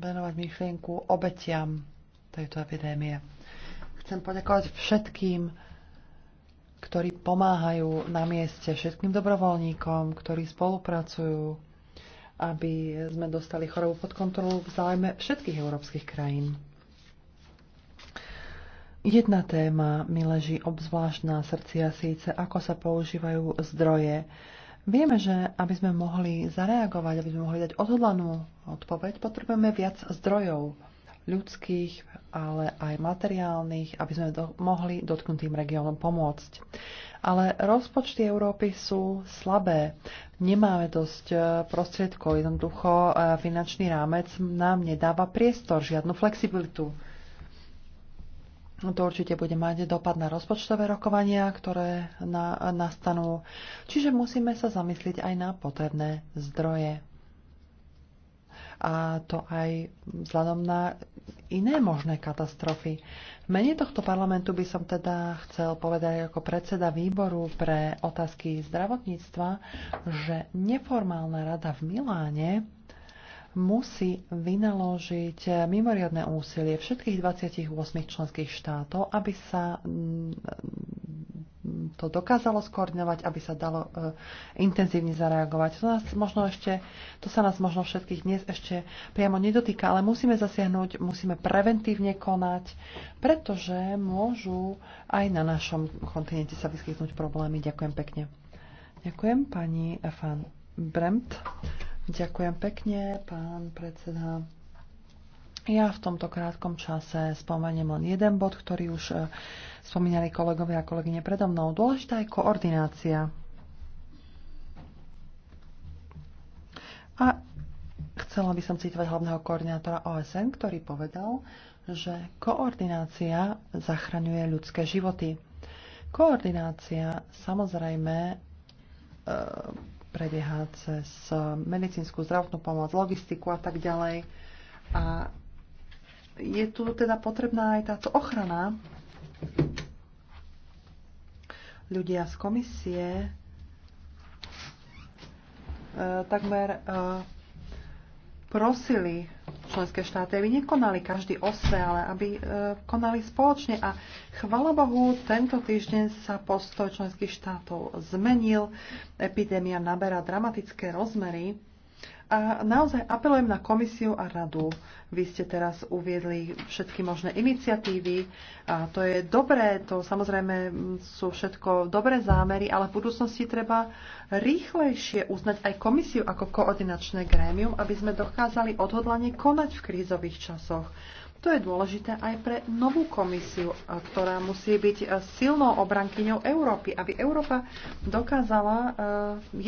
venovať myšlienku obetiam tejto epidémie. Chcem poďakovať všetkým, ktorí pomáhajú na mieste, všetkým dobrovoľníkom, ktorí spolupracujú, aby sme dostali chorobu pod kontrolu v záujme všetkých európskych krajín. Jedna téma mi leží obzvlášť na srdci a síce ako sa používajú zdroje. Vieme, že aby sme mohli zareagovať, aby sme mohli dať odhodlanú odpoveď, potrebujeme viac zdrojov ľudských, ale aj materiálnych, aby sme do, mohli dotknutým regiónom pomôcť. Ale rozpočty Európy sú slabé. Nemáme dosť e, prostriedkov, jednoducho e, finančný rámec nám nedáva priestor, žiadnu flexibilitu. To určite bude mať dopad na rozpočtové rokovania, ktoré na, nastanú. Čiže musíme sa zamyslieť aj na potrebné zdroje a to aj vzhľadom na iné možné katastrofy. V mene tohto parlamentu by som teda chcel povedať ako predseda výboru pre otázky zdravotníctva, že neformálna rada v Miláne musí vynaložiť mimoriadne úsilie všetkých 28 členských štátov, aby sa to dokázalo skoordinovať, aby sa dalo e, intenzívne zareagovať. To, nás možno ešte, to sa nás možno všetkých dnes ešte priamo nedotýka, ale musíme zasiahnuť, musíme preventívne konať, pretože môžu aj na našom kontinente sa vyskytnúť problémy. Ďakujem pekne. Ďakujem pani Fan Bremt. Ďakujem pekne, pán predseda. Ja v tomto krátkom čase spomeniem len jeden bod, ktorý už e, spomínali kolegovia a kolegyne predo mnou. Dôležitá je koordinácia. A chcela by som citovať hlavného koordinátora OSN, ktorý povedal, že koordinácia zachraňuje ľudské životy. Koordinácia samozrejme e, prebieha cez medicínsku zdravotnú pomoc, logistiku a tak ďalej. A je tu teda potrebná aj táto ochrana. Ľudia z komisie e, takmer e, prosili členské štáty, aby nekonali každý o sebe, ale aby e, konali spoločne. A chvala Bohu, tento týždeň sa postoj členských štátov zmenil. Epidémia naberá dramatické rozmery a naozaj apelujem na komisiu a radu. Vy ste teraz uviedli všetky možné iniciatívy. A to je dobré, to samozrejme sú všetko dobré zámery, ale v budúcnosti treba rýchlejšie uznať aj komisiu ako koordinačné grémium, aby sme dokázali odhodlanie konať v krízových časoch. To je dôležité aj pre novú komisiu, ktorá musí byť e, silnou obrankyňou Európy, aby Európa dokázala e,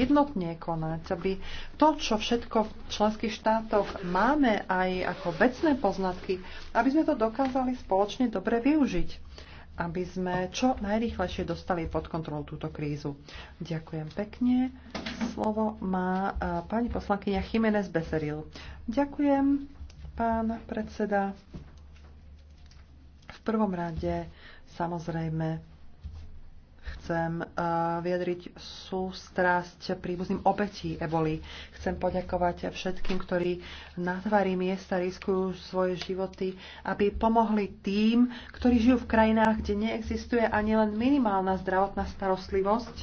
jednotne konať, aby to, čo všetko v členských štátoch máme aj ako vecné poznatky, aby sme to dokázali spoločne dobre využiť, aby sme čo najrýchlejšie dostali pod kontrolu túto krízu. Ďakujem pekne. Slovo má e, pani poslankyňa Jiménez Beseril. Ďakujem. Pán predseda, v prvom rade samozrejme chcem eh, vyjadriť sústrasť príbuzným obetí eboli. Chcem poďakovať všetkým, ktorí na tvári miesta riskujú svoje životy, aby pomohli tým, ktorí žijú v krajinách, kde neexistuje ani len minimálna zdravotná starostlivosť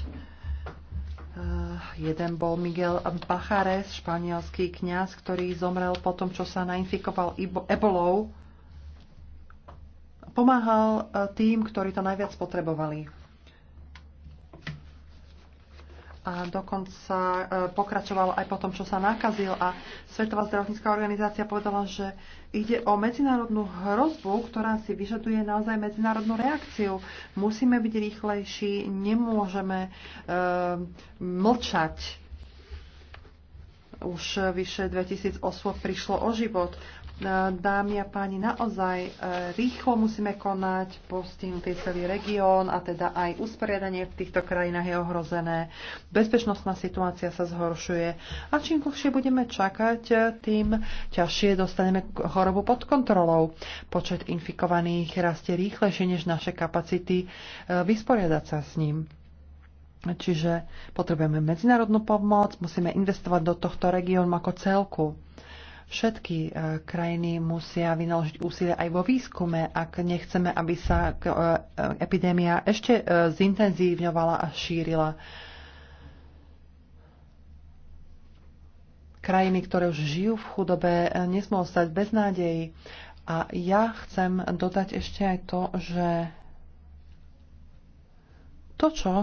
Eh, jeden bol Miguel Bachares, španielský kňaz, ktorý zomrel po tom, čo sa nainfikoval ebolou. Pomáhal eh, tým, ktorí to najviac potrebovali a dokonca e, pokračoval aj po tom, čo sa nakazil a Svetová zdravotnícká organizácia povedala, že ide o medzinárodnú hrozbu, ktorá si vyžaduje naozaj medzinárodnú reakciu. Musíme byť rýchlejší, nemôžeme e, mlčať. Už vyše 2000 osôb prišlo o život E, dámy a páni, naozaj e, rýchlo musíme konať, postihnutý celý región a teda aj usporiadanie v týchto krajinách je ohrozené. Bezpečnostná situácia sa zhoršuje a čím dlhšie budeme čakať, e, tým ťažšie dostaneme chorobu pod kontrolou. Počet infikovaných rastie rýchlejšie než naše kapacity vysporiadať sa s ním. Čiže potrebujeme medzinárodnú pomoc, musíme investovať do tohto regiónu ako celku Všetky e, krajiny musia vynaložiť úsilie aj vo výskume, ak nechceme, aby sa e, e, epidémia ešte zintenzívňovala a šírila. Krajiny, ktoré už žijú v chudobe, nesmú ostať bez nádejí. A ja chcem dodať ešte aj to, že to, čo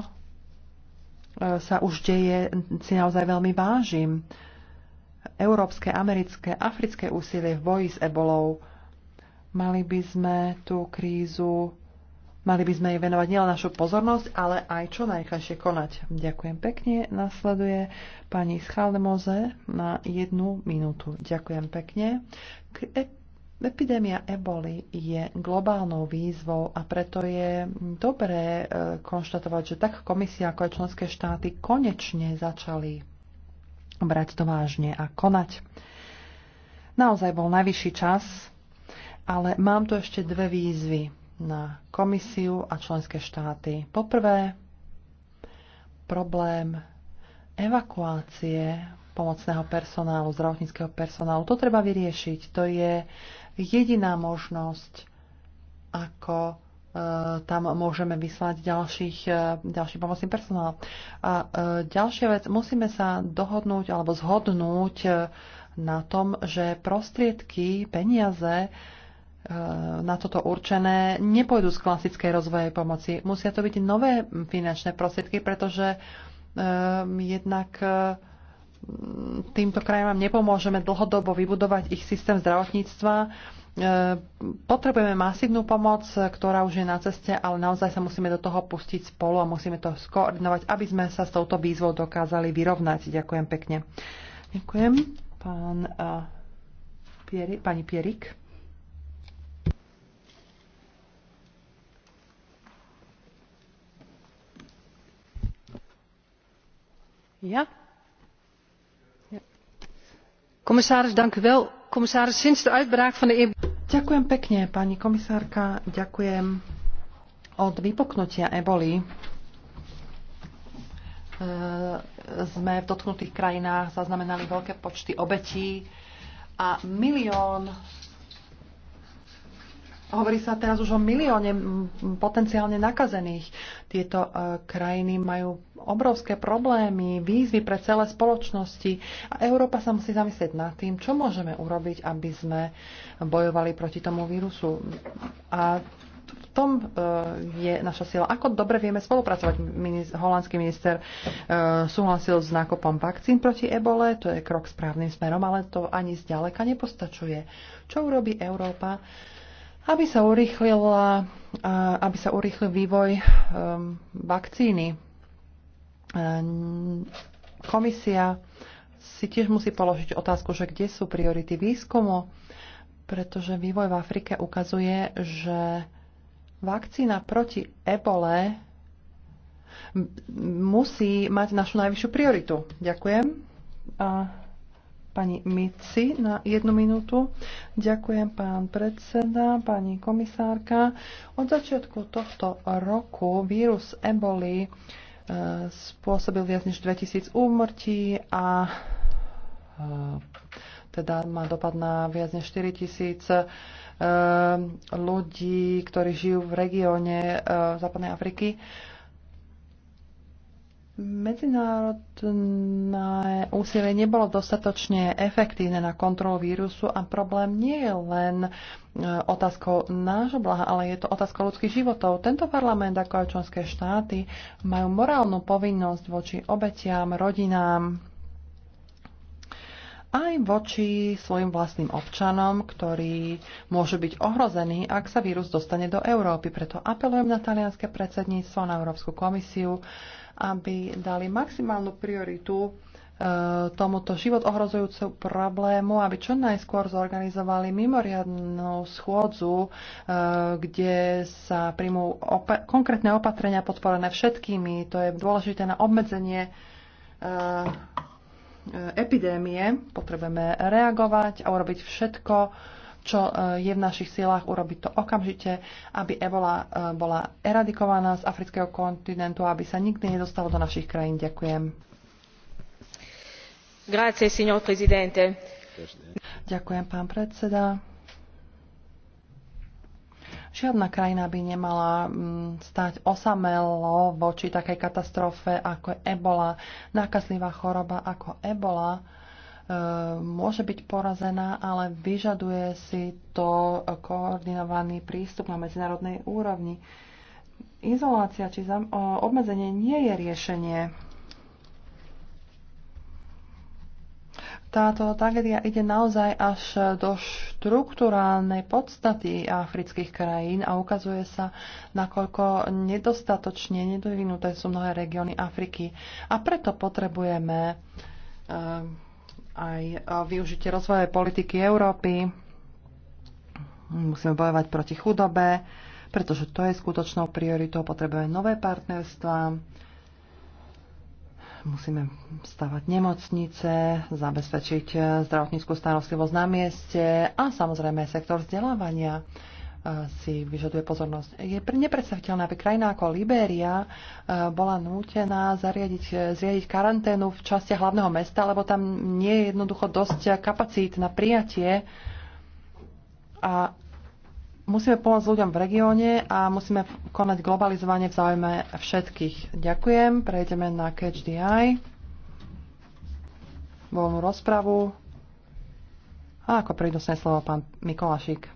sa už deje, si naozaj veľmi vážim európske, americké, africké úsilie v boji s ebolou. Mali by sme tú krízu, mali by sme jej venovať nielen našu pozornosť, ale aj čo najkrajšie konať. Ďakujem pekne. Nasleduje pani Schaldemose na jednu minútu. Ďakujem pekne. E- epidémia eboli je globálnou výzvou a preto je dobré e, konštatovať, že tak komisia ako aj členské štáty konečne začali brať to vážne a konať. Naozaj bol najvyšší čas, ale mám tu ešte dve výzvy na komisiu a členské štáty. Poprvé, problém evakuácie pomocného personálu, zdravotníckého personálu. To treba vyriešiť. To je jediná možnosť, ako Eh, tam môžeme vyslať ďalších, eh, ďalší pomocný personál. A eh, ďalšia vec, musíme sa dohodnúť alebo zhodnúť na tom, že prostriedky, peniaze na toto určené nepôjdu z klasickej rozvojej pomoci. Musia to byť nové finančné prostriedky, pretože jednak týmto krajinám nepomôžeme dlhodobo vybudovať ich systém zdravotníctva E, potrebujeme masívnu pomoc, ktorá už je na ceste, ale naozaj sa musíme do toho pustiť spolu a musíme to skoordinovať, aby sme sa s touto výzvou dokázali vyrovnať. Ďakujem pekne. Ďakujem. Pán, uh, Pieri, pani Pierik. Ja? ja. Commissaris, dank u wel commissaris, sinds de uitbraak van de... E Ďakujem pekne, pani komisárka. Ďakujem. Od vypoknutia eboli e, sme v dotknutých krajinách zaznamenali veľké počty obetí a milión Hovorí sa teraz už o milióne potenciálne nakazených. Tieto e, krajiny majú obrovské problémy, výzvy pre celé spoločnosti a Európa sa musí zamyslieť nad tým, čo môžeme urobiť, aby sme bojovali proti tomu vírusu. A v tom e, je naša sila. Ako dobre vieme spolupracovať? Holandský minister e, súhlasil s nákupom vakcín proti ebole, to je krok správnym smerom, ale to ani zďaleka nepostačuje. Čo urobí Európa? aby sa urýchlil, aby sa urýchlil vývoj um, vakcíny. Komisia si tiež musí položiť otázku, že kde sú priority výskumu, pretože vývoj v Afrike ukazuje, že vakcína proti ebole musí mať našu najvyššiu prioritu. Ďakujem. A pani Mici na jednu minútu. Ďakujem pán predseda, pani komisárka. Od začiatku tohto roku vírus eboli e, spôsobil viac než 2000 úmrtí a e, teda má dopad na viac než 4000 e, ľudí, ktorí žijú v regióne Západnej Afriky. Medzinárodné úsilie nebolo dostatočne efektívne na kontrolu vírusu a problém nie je len e, otázkou nášho blaha, ale je to otázkou ľudských životov. Tento parlament, ako aj členské štáty, majú morálnu povinnosť voči obetiam, rodinám, aj voči svojim vlastným občanom, ktorí môžu byť ohrození, ak sa vírus dostane do Európy. Preto apelujem na talianské predsedníctvo, na Európsku komisiu, aby dali maximálnu prioritu e, tomuto život ohrozujúcu problému, aby čo najskôr zorganizovali mimoriadnú schôdzu, e, kde sa príjmú opa- konkrétne opatrenia podporené všetkými. To je dôležité na obmedzenie e, epidémie. Potrebujeme reagovať a urobiť všetko, čo e, je v našich silách urobiť to okamžite, aby ebola e, bola eradikovaná z afrického kontinentu, aby sa nikdy nedostalo do našich krajín. Ďakujem. Grazie, signor presidente. Ďakujem, pán predseda. Žiadna krajina by nemala mm, stať osamelo voči takej katastrofe ako ebola. Nákazlivá choroba ako ebola môže byť porazená, ale vyžaduje si to koordinovaný prístup na medzinárodnej úrovni. Izolácia či obmedzenie nie je riešenie. Táto tragédia ide naozaj až do štruktúrálnej podstaty afrických krajín a ukazuje sa, nakoľko nedostatočne nedovinuté sú mnohé regióny Afriky. A preto potrebujeme uh, aj e, využitie rozvojovej politiky Európy. Musíme bojovať proti chudobe, pretože to je skutočnou prioritou. Potrebujeme nové partnerstva, musíme stavať nemocnice, zabezpečiť e, zdravotníckú starostlivosť na mieste a samozrejme sektor vzdelávania si vyžaduje pozornosť. Je nepredstaviteľné, aby krajina ako Libéria e, bola nútená zariadiť, zriadiť karanténu v časti hlavného mesta, lebo tam nie je jednoducho dosť kapacít na prijatie. A musíme pomôcť ľuďom v regióne a musíme konať globalizovanie v záujme všetkých. Ďakujem. Prejdeme na Catch the Eye. Voľnú rozpravu. A ako prídu slovo pán Mikolašik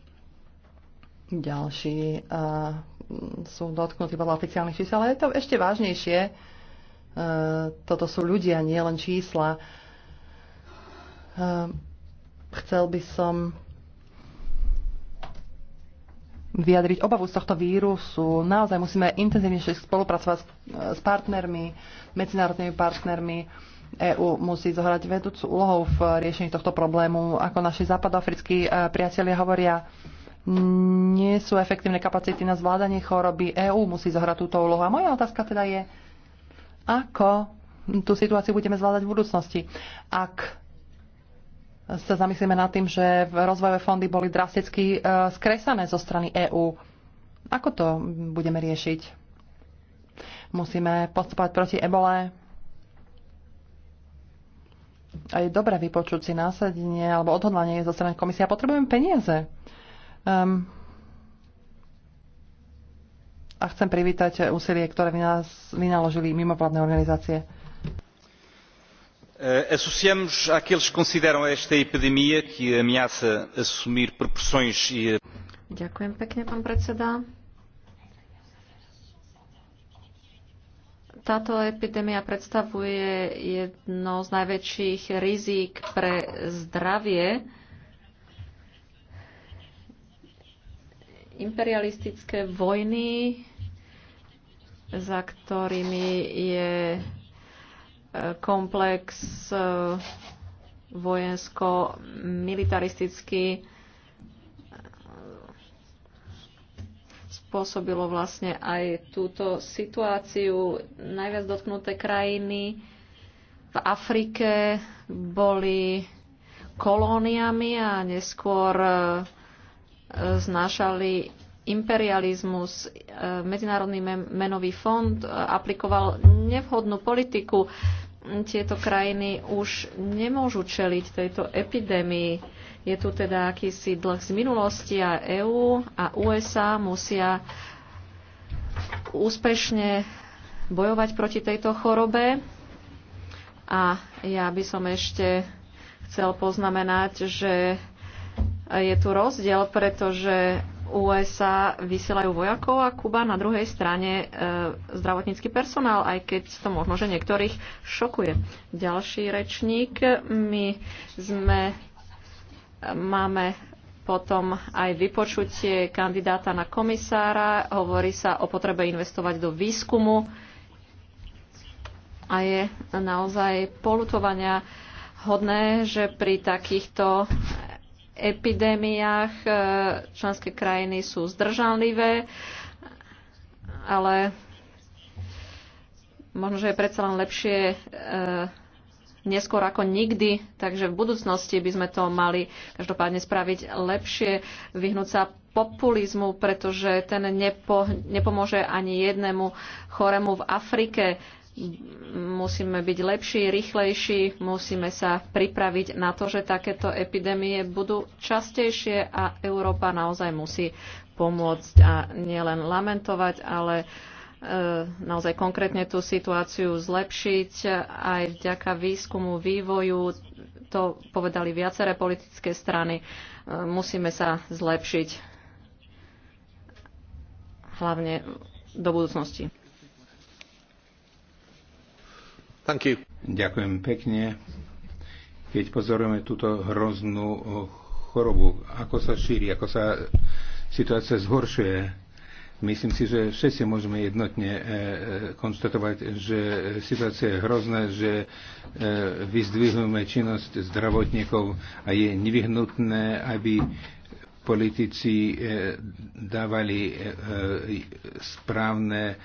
Ďalší uh, sú dotknutí podľa oficiálnych čísel, ale je to ešte vážnejšie. Uh, toto sú ľudia, nie len čísla. Uh, chcel by som vyjadriť obavu z tohto vírusu. Naozaj musíme intenzívnejšie spolupracovať s, s partnermi, medzinárodnými partnermi. EÚ musí zohrať vedúcu úlohou v riešení tohto problému. Ako naši západoafrickí e, priatelia hovoria, nie sú efektívne kapacity na zvládanie choroby. EÚ musí zohrať túto úlohu. A moja otázka teda je, ako tú situáciu budeme zvládať v budúcnosti. Ak sa zamyslíme nad tým, že rozvojové fondy boli drasticky e, skresané zo strany EÚ. Ako to budeme riešiť? Musíme postupovať proti ebole. A je dobré vypočuť si násadenie alebo odhodlanie zo strany komisia. Potrebujeme peniaze. Um, a chcem privítať úsilie, ktoré nás vynaložili mimovládne organizácie. Eh, Asociamos àqueles que consideram esta epidemia que ameaça assumir proporções e... Eh, Ďakujem pekne, pán predseda. Táto epidémia predstavuje jedno z najväčších rizík pre zdravie imperialistické vojny, za ktorými je e, komplex e, vojensko-militaristický e, spôsobilo vlastne aj túto situáciu. Najviac dotknuté krajiny v Afrike boli kolóniami a neskôr znášali imperializmus, e, Medzinárodný menový fond e, aplikoval nevhodnú politiku. Tieto krajiny už nemôžu čeliť tejto epidémii. Je tu teda akýsi dlh z minulosti a EÚ a USA musia úspešne bojovať proti tejto chorobe. A ja by som ešte chcel poznamenať, že je tu rozdiel, pretože USA vysielajú vojakov a Kuba na druhej strane e, zdravotnícky personál, aj keď to možno, že niektorých šokuje. Ďalší rečník, my sme, máme potom aj vypočutie kandidáta na komisára, hovorí sa o potrebe investovať do výskumu a je naozaj polutovania hodné, že pri takýchto epidémiách. E, členské krajiny sú zdržanlivé, ale možno, že je predsa len lepšie e, neskôr ako nikdy, takže v budúcnosti by sme to mali každopádne spraviť lepšie, vyhnúť sa populizmu, pretože ten nepo, nepomôže ani jednému choremu v Afrike musíme byť lepší, rýchlejší, musíme sa pripraviť na to, že takéto epidémie budú častejšie a Európa naozaj musí pomôcť a nielen lamentovať, ale e, naozaj konkrétne tú situáciu zlepšiť. Aj vďaka výskumu, vývoju, to povedali viaceré politické strany, e, musíme sa zlepšiť hlavne do budúcnosti. Ďakujem pekne. Keď pozorujeme túto hroznú eh, chorobu, ako sa šíri, ako sa situácia zhoršuje, myslím si, že všetci môžeme jednotne eh, eh, konštatovať, že situácia je hrozná, že vyzdvihujeme činnosť zdravotníkov a je nevyhnutné, aby politici dávali správne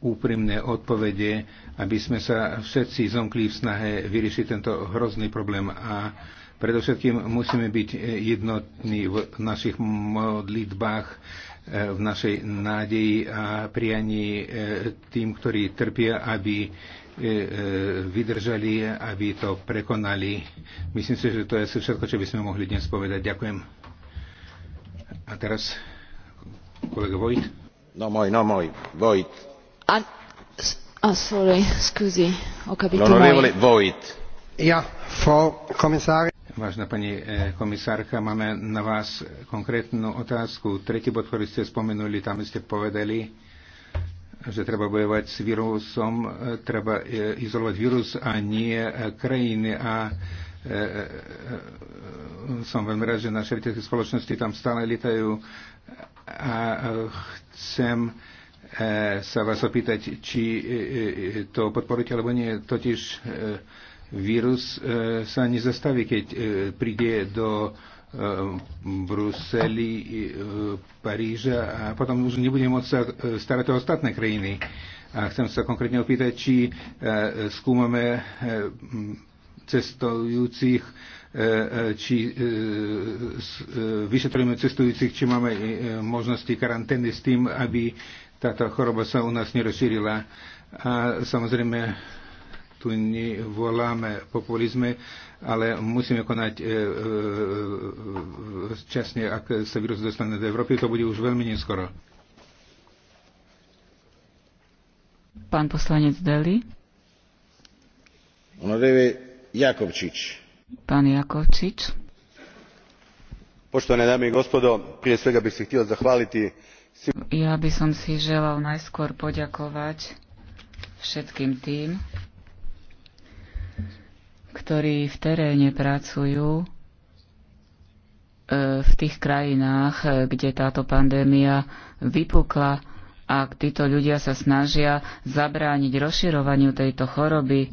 úprimné odpovede, aby sme sa všetci zomkli v snahe vyriešiť tento hrozný problém a predovšetkým musíme byť jednotní v našich modlitbách, e, v našej nádeji a prianí e, tým, ktorí trpia, aby e, vydržali, aby to prekonali. Myslím si, že to je všetko, čo by sme mohli dnes povedať. Ďakujem. A teraz kolega Vojt. No môj, no môj, Vojt vážená pani eh, komisárka, máme na vás konkrétnu otázku. Tretí bod, ktorý ste spomenuli, tam ste povedali, že treba bojovať s vírusom, eh, treba eh, izolovať vírus a nie krajiny. A som veľmi rád, že naše letecké spoločnosti tam stále lietajú a chcem E, sa vás opýtať, či e, e, to podporíte alebo nie. Totiž vírus sa nezastaví, keď príde do Bruseli, Paríža a potom už nebude môcť sa starať o ostatné krajiny. A chcem sa konkrétne opýtať, či skúmame cestujúcich, či vyšetrujeme cestujúcich, či máme možnosti karantény s tým, aby táto choroba sa u nás nerozšírila. A samozrejme, tu nevoláme populizme, ale musíme konať e, e, e, časne, ak sa vírus dostane do Európy, to bude už veľmi neskoro. Pán poslanec Deli. Honoreve Jakovčič. Pán Jakovčič. Poštovane dame i gospodo, prije svega bih se htio zahvaliti ja by som si želal najskôr poďakovať všetkým tým, ktorí v teréne pracujú e, v tých krajinách, e, kde táto pandémia vypukla a títo ľudia sa snažia zabrániť rozširovaniu tejto choroby.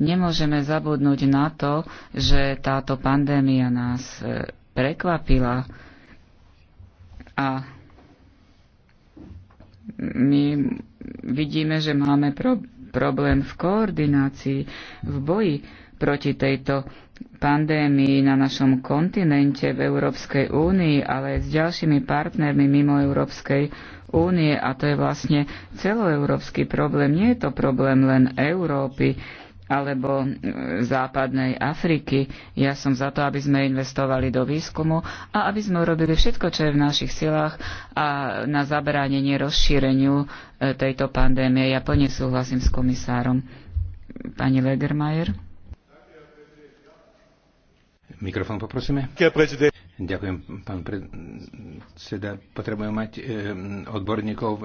Nemôžeme zabudnúť na to, že táto pandémia nás e, prekvapila a my vidíme, že máme pro, problém v koordinácii, v boji proti tejto pandémii na našom kontinente, v Európskej únii, ale aj s ďalšími partnermi mimo Európskej únie. A to je vlastne celoeurópsky problém. Nie je to problém len Európy alebo e, západnej Afriky. Ja som za to, aby sme investovali do výskumu a aby sme urobili všetko, čo je v našich silách a na zabránenie rozšíreniu e, tejto pandémie. Ja plne súhlasím s komisárom. Pani Legermajer. Mikrofón poprosíme. Ďakujem, pán predseda. Potrebujeme mať e, odborníkov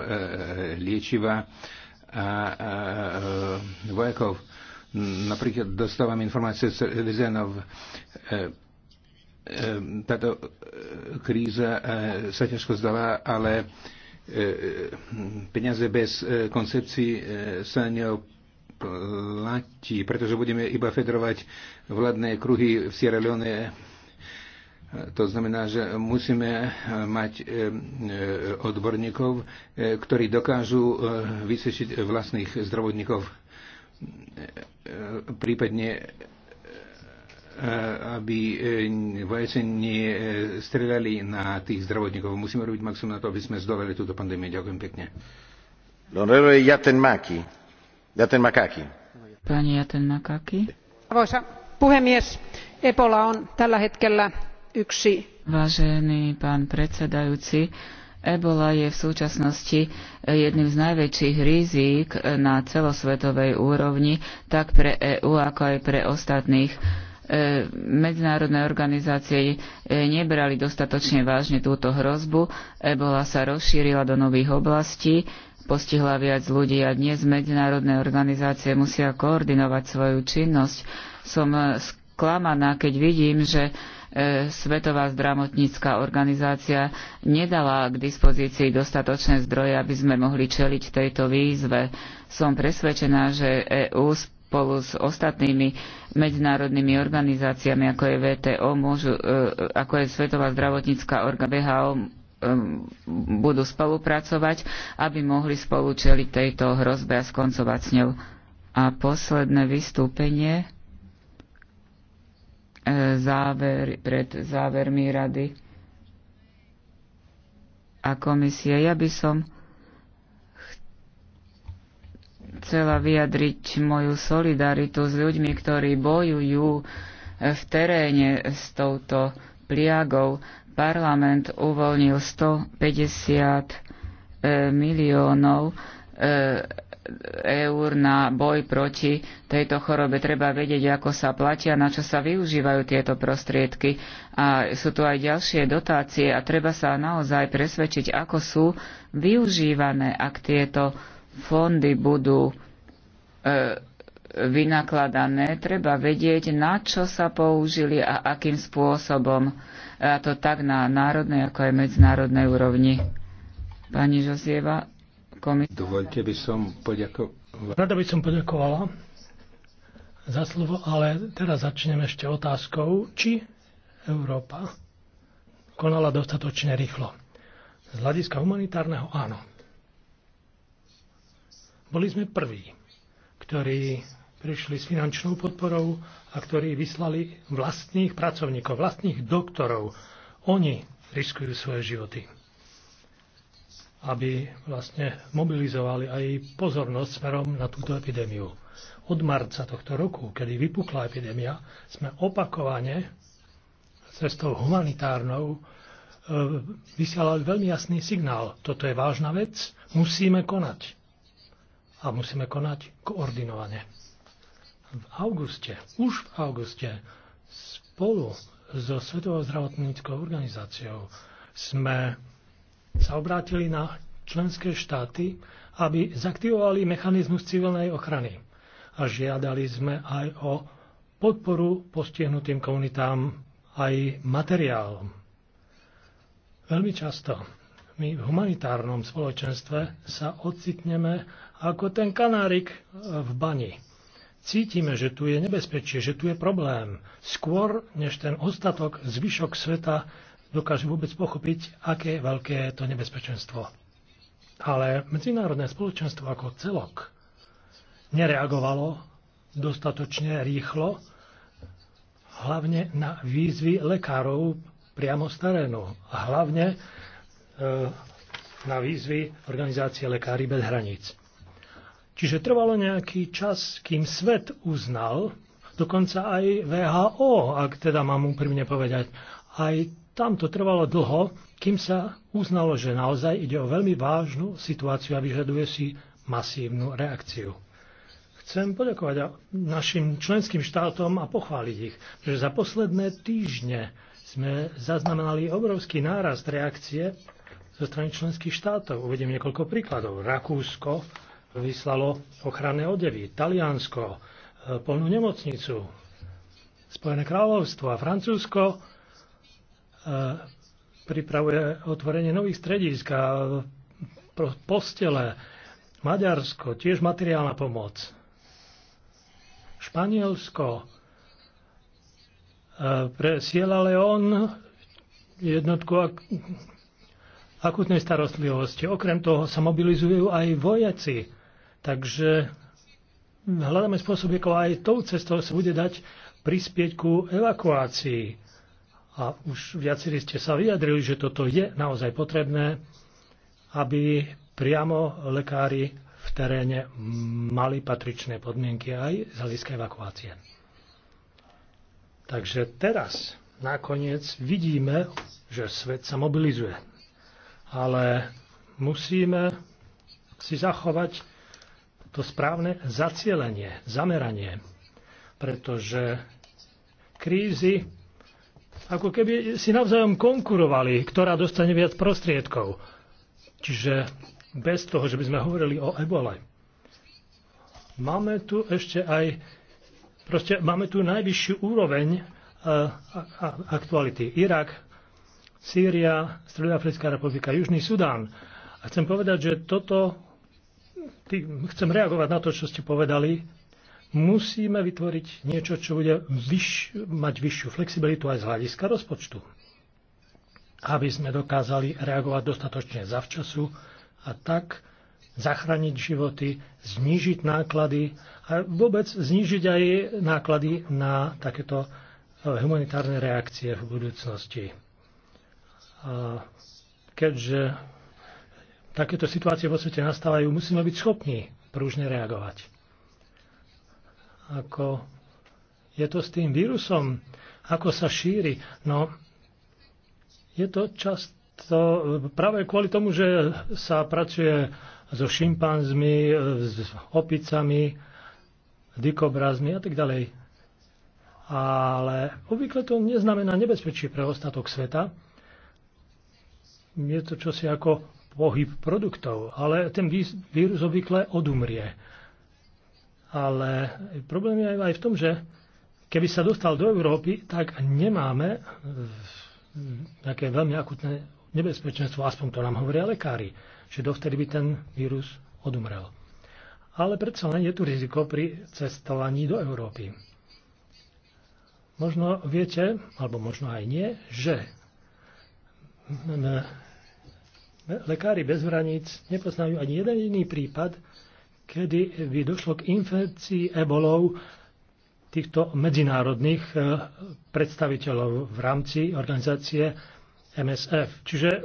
liečiva a vojakov Napríklad dostávam informácie z Rizanov. E, e, táto e, kríza sa ťažko zdala, ale peniaze bez koncepcií sa neoplatí, pretože budeme iba federovať vládne kruhy v Sierra Leone. To znamená, že musíme mať odborníkov, ktorí dokážu vysvečiť vlastných zdravotníkov prípadne e, e, aby e, vojaci nestrelali na tých zdravotníkov. Musíme robiť maximum na to, aby sme zdolali túto pandémiu. Ďakujem pekne. Pani Jaten Jatenmakaki. Arvoisa puhemies, Ebola on tällä hetkellä yksi. Vážený pán predsedajúci, Ebola je v súčasnosti eh, jedným z najväčších rizík eh, na celosvetovej úrovni, tak pre EÚ, ako aj pre ostatných. Eh, medzinárodné organizácie nebrali dostatočne vážne túto hrozbu. Ebola sa rozšírila do nových oblastí, postihla viac ľudí a dnes medzinárodné organizácie musia koordinovať svoju činnosť. Som sklamaná, keď vidím, že E, Svetová zdravotnícká organizácia nedala k dispozícii dostatočné zdroje, aby sme mohli čeliť tejto výzve. Som presvedčená, že EÚ spolu s ostatnými medzinárodnými organizáciami, ako je VTO, môžu, e, ako je Svetová zdravotnícká organizácia, VHO, budú spolupracovať, aby mohli spolu čeliť tejto hrozbe a skoncovať s ňou. A posledné vystúpenie záver, pred závermi rady a komisie. Ja by som chcela vyjadriť moju solidaritu s ľuďmi, ktorí bojujú v teréne s touto pliagou. Parlament uvoľnil 150 eh, miliónov eh, eur na boj proti tejto chorobe. Treba vedieť, ako sa platia, na čo sa využívajú tieto prostriedky. A sú tu aj ďalšie dotácie a treba sa naozaj presvedčiť, ako sú využívané, ak tieto fondy budú e, vynakladané. Treba vedieť, na čo sa použili a akým spôsobom. A to tak na národnej, ako aj medzinárodnej úrovni. Pani Žosieva, komisár. Dovolte by som poďakoval. Rada by som poďakovala za slovo, ale teraz začnem ešte otázkou, či Európa konala dostatočne rýchlo. Z hľadiska humanitárneho áno. Boli sme prví, ktorí prišli s finančnou podporou a ktorí vyslali vlastných pracovníkov, vlastných doktorov. Oni riskujú svoje životy aby vlastne mobilizovali aj pozornosť smerom na túto epidémiu. Od marca tohto roku, kedy vypukla epidémia, sme opakovane cestou humanitárnou e, vysielali veľmi jasný signál. Toto je vážna vec, musíme konať. A musíme konať koordinovane. V auguste, už v auguste, spolu so Svetovou zdravotníckou organizáciou sme sa obrátili na členské štáty, aby zaktivovali mechanizmus civilnej ochrany. A žiadali sme aj o podporu postihnutým komunitám aj materiálom. Veľmi často my v humanitárnom spoločenstve sa ocitneme ako ten kanárik v bani. Cítime, že tu je nebezpečie, že tu je problém, skôr než ten ostatok, zvyšok sveta dokáže vôbec pochopiť, aké veľké je to nebezpečenstvo. Ale medzinárodné spoločenstvo ako celok nereagovalo dostatočne rýchlo, hlavne na výzvy lekárov priamo z terénu a hlavne e, na výzvy organizácie Lekári bez hraníc. Čiže trvalo nejaký čas, kým svet uznal, dokonca aj VHO, ak teda mám úprimne povedať, aj tam to trvalo dlho, kým sa uznalo, že naozaj ide o veľmi vážnu situáciu a vyžaduje si masívnu reakciu. Chcem poďakovať našim členským štátom a pochváliť ich, že za posledné týždne sme zaznamenali obrovský nárast reakcie zo strany členských štátov. Uvediem niekoľko príkladov. Rakúsko vyslalo ochranné odevy, Taliansko, e, polnú nemocnicu, Spojené kráľovstvo a Francúzsko pripravuje otvorenie nových stredísk a postele. Maďarsko, tiež materiálna pomoc. Španielsko, pre Siela Leon jednotku akutnej starostlivosti. Okrem toho sa mobilizujú aj vojaci. Takže hľadáme spôsob, ako aj tou cestou sa bude dať prispieť ku evakuácii a už viacerí ste sa vyjadrili, že toto je naozaj potrebné, aby priamo lekári v teréne mali patričné podmienky aj z hľadiska evakuácie. Takže teraz nakoniec vidíme, že svet sa mobilizuje. Ale musíme si zachovať to správne zacielenie, zameranie, pretože krízy ako keby si navzájom konkurovali, ktorá dostane viac prostriedkov. Čiže bez toho, že by sme hovorili o ebole. Máme tu ešte aj, proste máme tu najvyššiu úroveň e, a, aktuality. Irak, Sýria, Stredoafrická republika, Južný Sudán. A chcem povedať, že toto, tý, chcem reagovať na to, čo ste povedali, musíme vytvoriť niečo, čo bude vyš, mať vyššiu flexibilitu aj z hľadiska rozpočtu. Aby sme dokázali reagovať dostatočne zavčasu a tak zachrániť životy, znížiť náklady a vôbec znížiť aj náklady na takéto e, humanitárne reakcie v budúcnosti. A keďže takéto situácie vo svete nastávajú, musíme byť schopní prúžne reagovať ako je to s tým vírusom, ako sa šíri. No, je to často práve kvôli tomu, že sa pracuje so šimpanzmi, s opicami, dikobrazmi a tak ďalej. Ale obvykle to neznamená nebezpečie pre ostatok sveta. Je to čosi ako pohyb produktov, ale ten vírus obvykle odumrie ale problém je aj v tom, že keby sa dostal do Európy, tak nemáme eh, nejaké veľmi akutné nebezpečenstvo, aspoň to nám hovoria lekári, že dovtedy by ten vírus odumrel. Ale predsa len je tu riziko pri cestovaní do Európy. Možno viete, alebo možno aj nie, že hm, hm, hm, lekári bez hraníc nepoznajú ani jeden iný prípad kedy by došlo k infekcii ebolov týchto medzinárodných e, predstaviteľov v rámci organizácie MSF. Čiže e,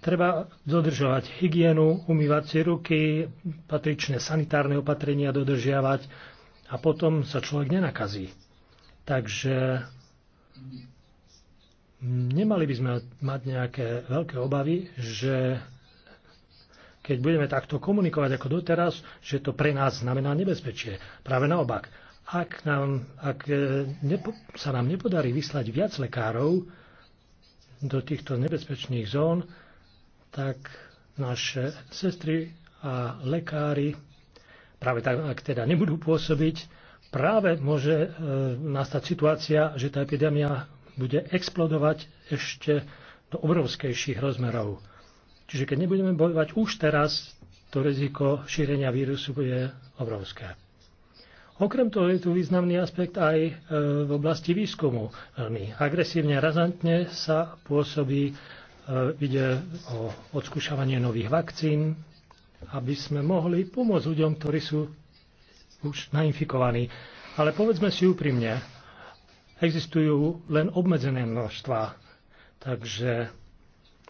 treba dodržovať hygienu, umývať si ruky, patričné sanitárne opatrenia dodržiavať a potom sa človek nenakazí. Takže nemali by sme mať nejaké veľké obavy, že keď budeme takto komunikovať ako doteraz, že to pre nás znamená nebezpečie. Práve naopak, ak, nám, ak e, nepo, sa nám nepodarí vyslať viac lekárov do týchto nebezpečných zón, tak naše sestry a lekári, práve tak, ak teda nebudú pôsobiť, práve môže e, nastať situácia, že tá epidémia bude explodovať ešte do obrovskejších rozmerov. Čiže keď nebudeme bojovať už teraz, to riziko šírenia vírusu je obrovské. Okrem toho je tu významný aspekt aj e, v oblasti výskumu. Veľmi agresívne, razantne sa pôsobí, e, ide o odskúšavanie nových vakcín, aby sme mohli pomôcť ľuďom, ktorí sú už nainfikovaní. Ale povedzme si úprimne, existujú len obmedzené množstva, takže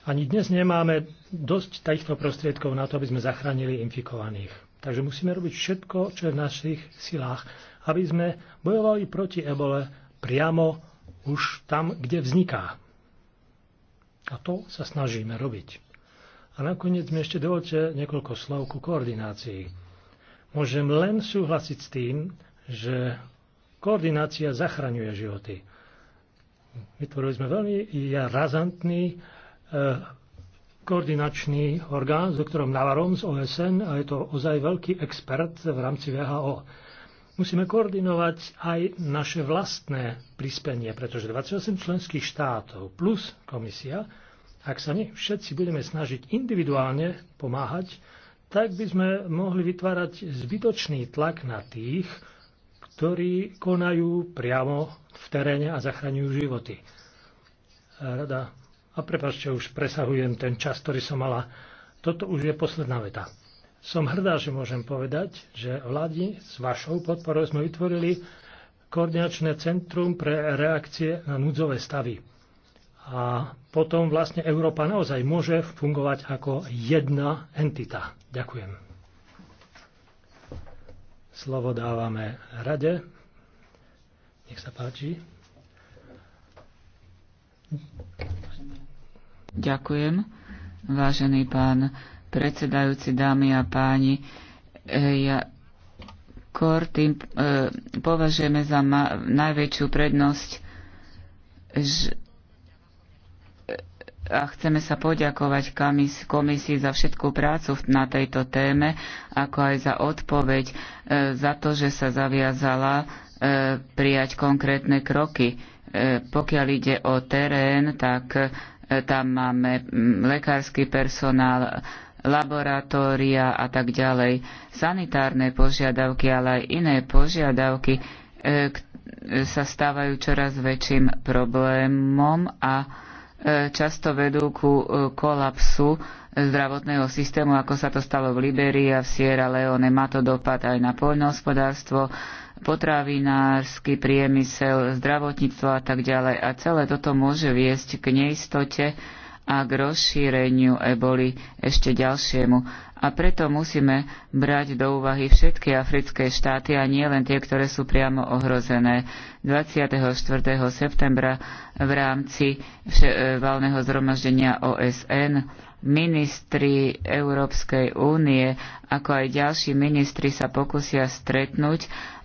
ani dnes nemáme dosť takýchto prostriedkov na to, aby sme zachránili infikovaných. Takže musíme robiť všetko, čo je v našich silách, aby sme bojovali proti ebole priamo už tam, kde vzniká. A to sa snažíme robiť. A nakoniec mi ešte dovolte niekoľko slov ku koordinácii. Môžem len súhlasiť s tým, že koordinácia zachraňuje životy. Vytvorili sme veľmi razantný Eh, koordinačný orgán s doktorom Navarom z OSN a je to ozaj veľký expert v rámci VHO. Musíme koordinovať aj naše vlastné prispenie, pretože 28 členských štátov plus komisia, ak sa my všetci budeme snažiť individuálne pomáhať, tak by sme mohli vytvárať zbytočný tlak na tých, ktorí konajú priamo v teréne a zachraňujú životy. Rada a prepáčte, už presahujem ten čas, ktorý som mala. Toto už je posledná veta. Som hrdá, že môžem povedať, že vládi s vašou podporou sme vytvorili koordinačné centrum pre reakcie na núdzové stavy. A potom vlastne Európa naozaj môže fungovať ako jedna entita. Ďakujem. Slovo dávame rade. Nech sa páči. Ďakujem, vážený pán predsedajúci, dámy a páni. E, ja kor tým e, považujeme za ma, najväčšiu prednosť ž, e, a chceme sa poďakovať komis, komisii za všetkú prácu na tejto téme, ako aj za odpoveď, e, za to, že sa zaviazala e, prijať konkrétne kroky pokiaľ ide o terén, tak e, tam máme lekársky personál, laboratória a tak ďalej, sanitárne požiadavky, ale aj iné požiadavky e, sa stávajú čoraz väčším problémom a e, často vedú ku kolapsu zdravotného systému, ako sa to stalo v Liberii a v Sierra Leone. Má to dopad aj na poľnohospodárstvo, potravinársky priemysel, zdravotníctvo a tak ďalej. A celé toto môže viesť k neistote a k rozšíreniu eboli ešte ďalšiemu. A preto musíme brať do úvahy všetky africké štáty a nie len tie, ktoré sú priamo ohrozené. 24. septembra v rámci e, valného zhromaždenia OSN ministri Európskej únie, ako aj ďalší ministri sa pokusia stretnúť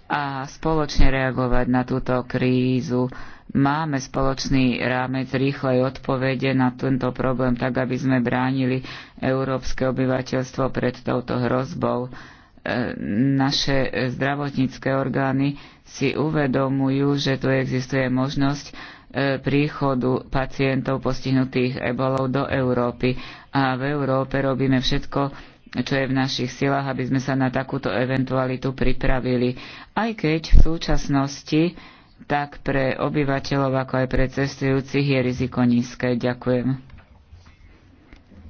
a spoločne reagovať na túto krízu. Máme spoločný rámec rýchlej odpovede na tento problém, tak aby sme bránili európske obyvateľstvo pred touto hrozbou. E, naše zdravotnícke orgány si uvedomujú, že tu existuje možnosť e, príchodu pacientov postihnutých ebolou do Európy. A v Európe robíme všetko, čo je v našich silách, aby sme sa na takúto eventualitu pripravili. Aj keď v súčasnosti, tak pre obyvateľov, ako aj pre cestujúcich je riziko nízke. Ďakujem.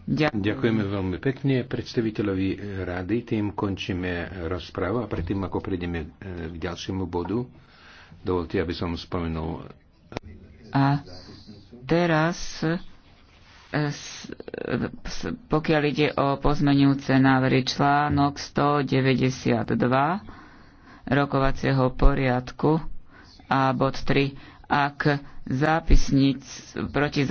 Ďakujem. Ďakujeme veľmi pekne predstaviteľovi rady. Tým končíme rozprávu a predtým, ako prejdeme eh, k ďalšiemu bodu, dovolte, aby som spomenul. A teraz pokiaľ ide o pozmenujúce návrhy článok 192 rokovacieho poriadku a bod 3, ak zápisníc proti